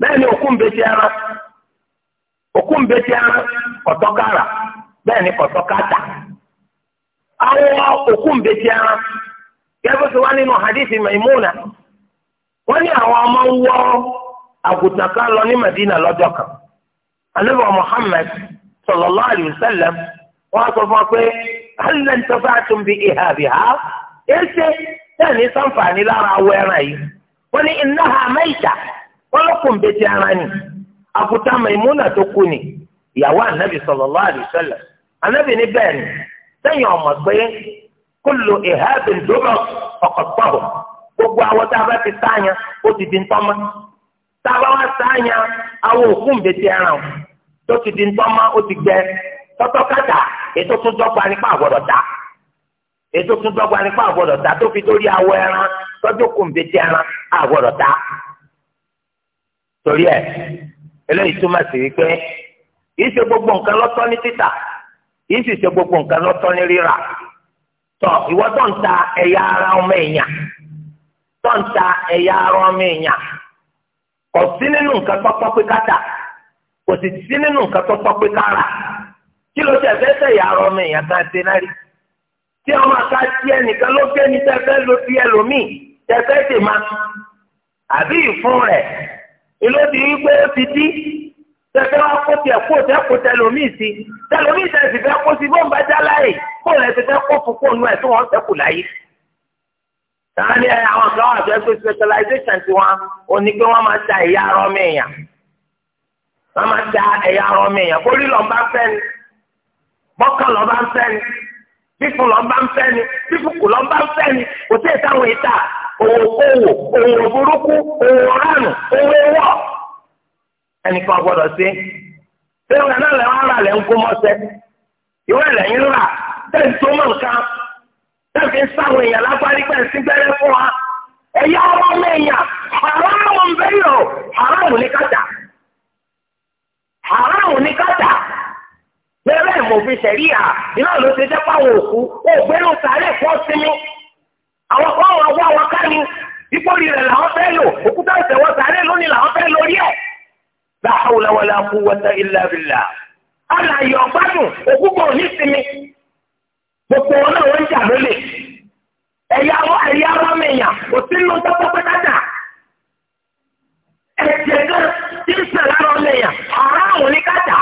bẹ́ẹ̀ ni òkú nbẹtì ẹran òkú nbẹtì ẹran kọtọkàrà bẹ́ẹ̀ ni kọtọkàtà àwọn òkú nbẹtì ẹran maimuna àwọn ọmọ ń àgùntàn lọ ní madina lọjọ kan muhammed sọ fún wa hàlẹ́ ntọ́fà tún bí ìhà bí ha ẹsẹ̀ náà ní sànfààní lára awọ ẹran yìí wọ́n ní iná ha mẹ́ta wọ́n lọ́kùn bẹ́tẹ̀ ara ni àkútà Maimuna tó kú ni ìyàwó anabi sallallahu alaihi wasallam anabi ní bẹ́ẹ̀ ni sẹ́yìn ọmọ pé kúlò ìhà bí ndóbọ̀ ọ̀kọ̀tọ̀ gbogbo àwọn tá a bá ti sáàyàn ó ti di ntọ́mọ́ tá a bá wá sáàyàn àwọn òkú bẹ́tẹ̀ ara tó ti di ntọ́mọ́ ó ti gbẹ kọ́tọ́kátà ètò tún dọ́gba nípa àgbọ̀dọ̀ ta ètò tún dọ́gba nípa tó fi dórí awọ ẹran tọ́jú ẹran torí ẹ eléyìí túmọ̀ sí wípé kì í gbogbo nǹkan lọ́tọ̀ ní títà kì í sì ṣe gbogbo nǹkan ní rírà tọ ìwọ tó ń ta ara ọmọ èèyàn tó ń ta ara ọmọ èèyàn kò sí nínú nǹkan pé ká tà kò sì sí nínú nǹkan kí ló ṣe ẹ̀fẹ́ tẹ̀ yà rọ ọmọ èèyàn kan ṣe náà rí tí ọmọ ká tí ẹnìkan ló gé ní tẹ́fẹ́ ló fi ẹlòmíì tẹ́fẹ́ sì máa àbí ìfún rẹ̀ ìlóbi wípé ó ti dí tẹ́fẹ́ wá kó tiẹ̀ kó tẹ́ kó tẹlòmíì sí tẹlòmíì tẹ̀ sì fẹ́ kó sí bó ń bá já láyè kó rẹ̀ ti fẹ́ kó fún kóònù ẹ̀ tí wọ́n sẹ́kù láyé. sáni ẹ àwọn kan wà fẹ́ pé specialization tiwọn ò ní pé wọ́n máa ta ẹ̀yà arọ́ mẹ́yàn wọ́n máa ta ẹ̀yà arọ́ mẹ́yàn kó lílọ́ bá fẹ́ ni bọ́kàn lọ bá ń fẹ́ ni fífún lọ bá ń fẹ́ ni fífúkù lọ bá ń fẹ́ ni kò sí ìtàwọn ìta òwò kòwò òwò burúkú òwò ránù òwò ewọ́ ẹnìkan gbọ́dọ̀ sí sẹ́wọ̀n náà lẹ́wọ́n ara lẹ́ ń kó mọ́sẹ́ ìwé lẹ́yìn rà bẹ́ẹ̀ tó mọ̀ nǹkan bẹ́ẹ̀ fi ń sáwọn èèyàn lágbárí pẹ́ sí bẹ́rẹ́ fún wa ẹ̀yà ọmọ ọmọ èèyàn haramu ń bẹ́yọ̀ haramu ní kájà haramu ní kájà ìlànà òfin ṣẹ̀ríà iná ló ṣe jẹ́ pàwọn òkú wọn ò gbẹ́rù sàárẹ̀ fọ́ sinmi àwọn kan wọn wá wọn ká ní ìpòrí rẹ̀ làwọn fẹ́ lò òkúta ìṣẹ̀wọ̀ sàárẹ̀ lónìí làwọn fẹ́ lórí ẹ̀ la hawla wala quwwata illa billah alàyè ọ̀gbádùn òkú kò ní sinmi gbogbo wọn náà wọ́n ń jà lólè ẹ̀yà wọn ẹ̀yà wọn mẹ̀yàn kò sí nínú tọ́pọ̀ pẹ́tàdà ẹ̀jẹ̀ náà ti ń sàn lára ọmọ èèyàn àárá àwọn oníkàtà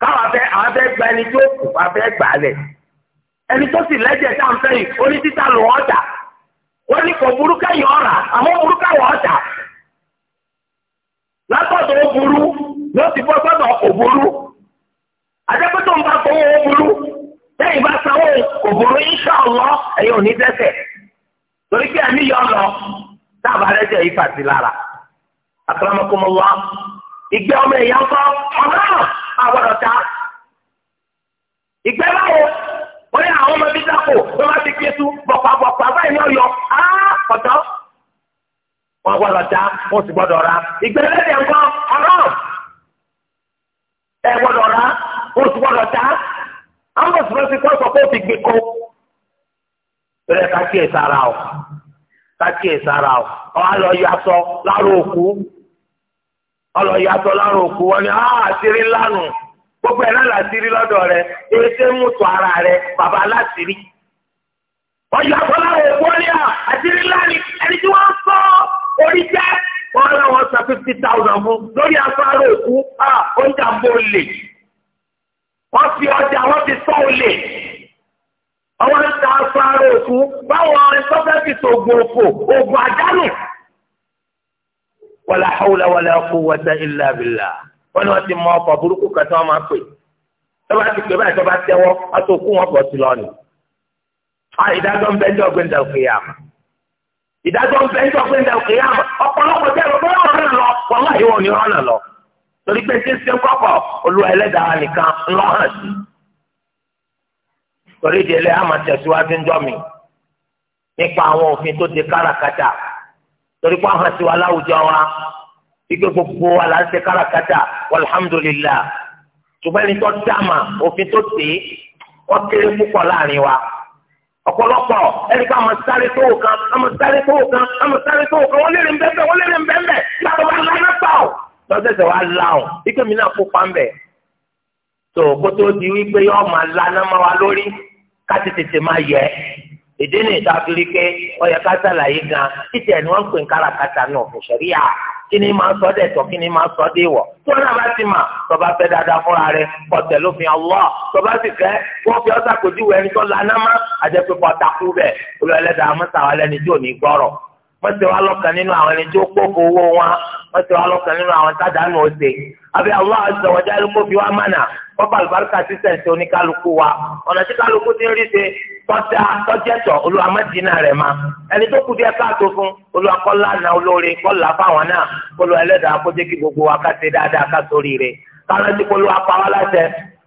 káwọn abẹ àwọn abe gba ẹni tó kù abe gbà lẹ ẹni tó sì lẹ́jẹ̀ tá à fẹ́ yìí ó títà lò wọ́n wọ́n ní kò burú kẹ́yìn ọ̀rà àmọ́ burú ó burú ló ti bọ́ kò burú ń bá fowó ó burú lẹ́yìn bá sanwó kò burú torí kí ẹ̀mí ìgbẹ́ ọmọ ẹ̀yà ń kọ́ ọ̀nà àgbọ̀dọ̀ ta. ìgbẹ́ báwo wọ́n yà àwọn ọmọ bíi dàpọ̀ wọ́n bá ti kéésù bọ̀pàbọ̀pà báyìí ní ọ̀yọ́ á wọ́n gbọ́dọ̀ ta wọ́n sì gbọ́dọ̀ ra ìgbẹ́ lẹ́dẹ̀ ń kọ́ ọ̀nà ẹ̀ gbọ́dọ̀ ra wọ́n sì o ká kíyè sára ọlọ́yàtọ̀ lárùn òkú wọn ni ah, àṣírí lánù gbogbo ẹ̀ náà làṣírí lọ́dọ̀ rẹ ètè ń mùtò ara rẹ bàbá láṣírí. ọ̀yàtọ̀ lárùn òkú wọn ni ah, àṣírí lánì ẹni tí wọ́n sọ orí jẹ́ wọ́n rẹ̀ wọ́n san fifty thousand fún lórí afárá òkú oúnjẹ ah, àbò olè wọ́n fi ọjà wọ́n fi sọ olè ọwọ́ ń ta afárá òkú báwọn ẹni tó fẹ́ fi sọ ògùn òfò ògùn àjálù wala hawla wala quwwata illa billah wọ́n ní wọ́n ti mọ ọkọ̀ burúkú kan tí wọ́n máa pè tọ́ba ti pè báyìí tọ́ba tẹ́wọ́ wọ́n kú wọn bọ̀ sí lọ́nù. ìdájọ́ ń bẹ́ńdọ̀ gbẹ̀ndẹ̀ òkèèyàmù ìdájọ́ ń bẹ́ńdọ̀ gbẹ̀ndẹ̀ òkèèyàmù ọ̀pọ̀lọpọ̀ jẹ́ ọ̀pọ̀ ọ̀rọ̀ lọ wọ́n láyé wọn ni ọ̀rọ̀ lọ. torí pé tí ṣe ń kọ́kọ́ olú ẹlẹ́dàá nìkan ńlọ hàn sí. torí ìdílé àmọ̀ ń jọ mi nípa àwọn òfin tó de káràkátà torí pé àwọn àti wà láwùjọ wa ike gbogbo wa là ń ṣe kárakáta alhamdulilah ṣùgbọ́n ẹni tó dáàmà òfin tó tè é wọ́n kéré púpọ̀ láàrin wa ọ̀pọ̀lọpọ̀ ẹni ká mọ̀ sáré tó wò kan àmọ̀ sáré tó wò kan àmọ̀ sáré tó wò kan wọ́n léèrè nbẹ́ńbẹ́ wọ́n léèrè nbẹ́ńbẹ́ yàtọ̀ wà lánàá pa ọ́ lọ́sẹ̀sẹ̀ wà láwọn ike mi náà kópa ńbẹ̀ tó kótó di wípé yọ́ọ́ èdè ní ìtàkìrí pé ọyọ kátàlá yìí gan títí ẹni wọn ń pè ń kárakáta náà kò ṣẹríà kí ni máa sọ dẹ tọ kí ni máa sọ dé wọ tí wọn náà bá ti mà tọba fẹ́ dáadáa fúnra rẹ̀ pọtẹ lófin ọwọ tọba sì fẹ́ wọn fi ọsà kòjúwe ẹni tó lana má àjẹpẹ pọtà kú bẹ olú ẹlẹdàá amúsàwọn ẹlẹni tí ò ní gbọ́rọ̀ wọn ti wá lọ́kàn nínú àwọn ẹni tí ó owó wọn wọn ti wá lọ́kàn nínú àwọn tádàánù ọ̀sẹ̀ abẹ́ Allah azza wa jalla mú fi wá mánà wọ́n bá àlùbáríkà sí sẹ̀ǹtì oníkálukú wa ọ̀nà tí kálukú ti ń rí ṣe tọ́jà tọ́jẹ́tọ̀ olùwàmẹ́dínà rẹ̀ ma ẹni tó kù díẹ̀ káàtó fún olùwàkọ́lá náà olóore kọ́lá fáwọn náà kọ́lọ́ ẹlẹ́dàá kó jẹ́ kí gbogbo wa ká ṣe dáadáa ká sórí rẹ̀ kárántí kọ́lọ́ apáwá láṣẹ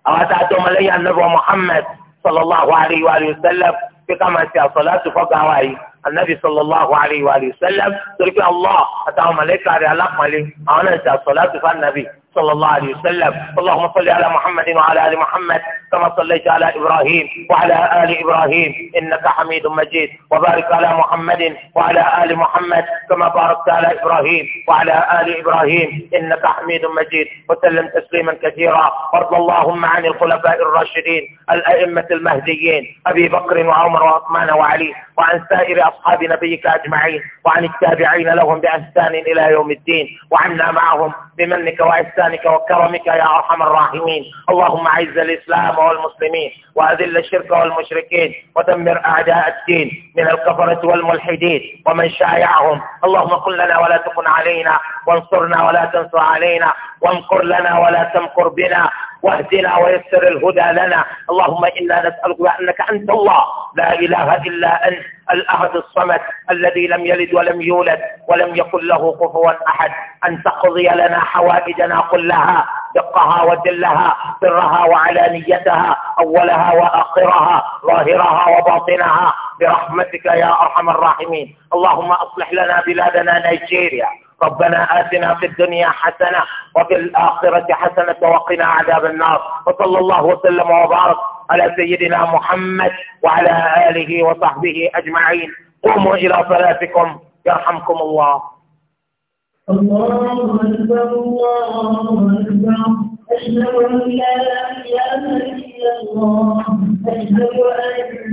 àwọn àtàjọ ọmọlẹ́yìn anábọ̀ Muhammad sallallahu alayhi wa sallam pé ká máa ṣe àsàlátù fọ́gà wa yìí anabi sallallahu alayhi wa sallam torí pé Allah àtàwọn mọ̀lẹ́kà صلى الله عليه وسلم اللهم صل على محمد وعلى آل محمد كما صليت على إبراهيم وعلى آل إبراهيم إنك حميد مجيد وبارك على محمد وعلى آل محمد كما باركت على إبراهيم وعلى آل إبراهيم إنك حميد مجيد وسلم تسليما كثيرا وارض اللهم عن الخلفاء الراشدين الأئمة المهديين أبي بكر وعمر وعثمان وعلي وعن سائر أصحاب نبيك أجمعين وعن التابعين لهم بأحسان إلى يوم الدين وعنا معهم بمنك وإحسان بإحسانك وكرمك يا أرحم الراحمين اللهم أعز الإسلام والمسلمين وأذل الشرك والمشركين ودمر أعداء الدين من الكفرة والملحدين ومن شايعهم اللهم قل لنا ولا تكن علينا وانصرنا ولا تنصر علينا وانقر لنا ولا تمكر بنا واهدنا ويسر الهدى لنا اللهم إنا نسألك بأنك أنت الله لا إله إلا أنت الأحد الصمد الذي لم يلد ولم يولد ولم يكن له كفوا أحد أن تقضي لنا حوائجنا كلها دقها وجلها سرها وعلانيتها أولها وآخرها ظاهرها وباطنها برحمتك يا أرحم الراحمين اللهم أصلح لنا بلادنا نيجيريا ربنا آتنا في الدنيا حسنة وفي الآخرة حسنة وقنا عذاب النار وصلى الله وسلم وبارك على سيدنا محمد وعلى آله وصحبه أجمعين قوموا إلى صلاتكم يرحمكم الله الله أكبر الله أكبر أشهد أن لا إله إلا الله أشهد أن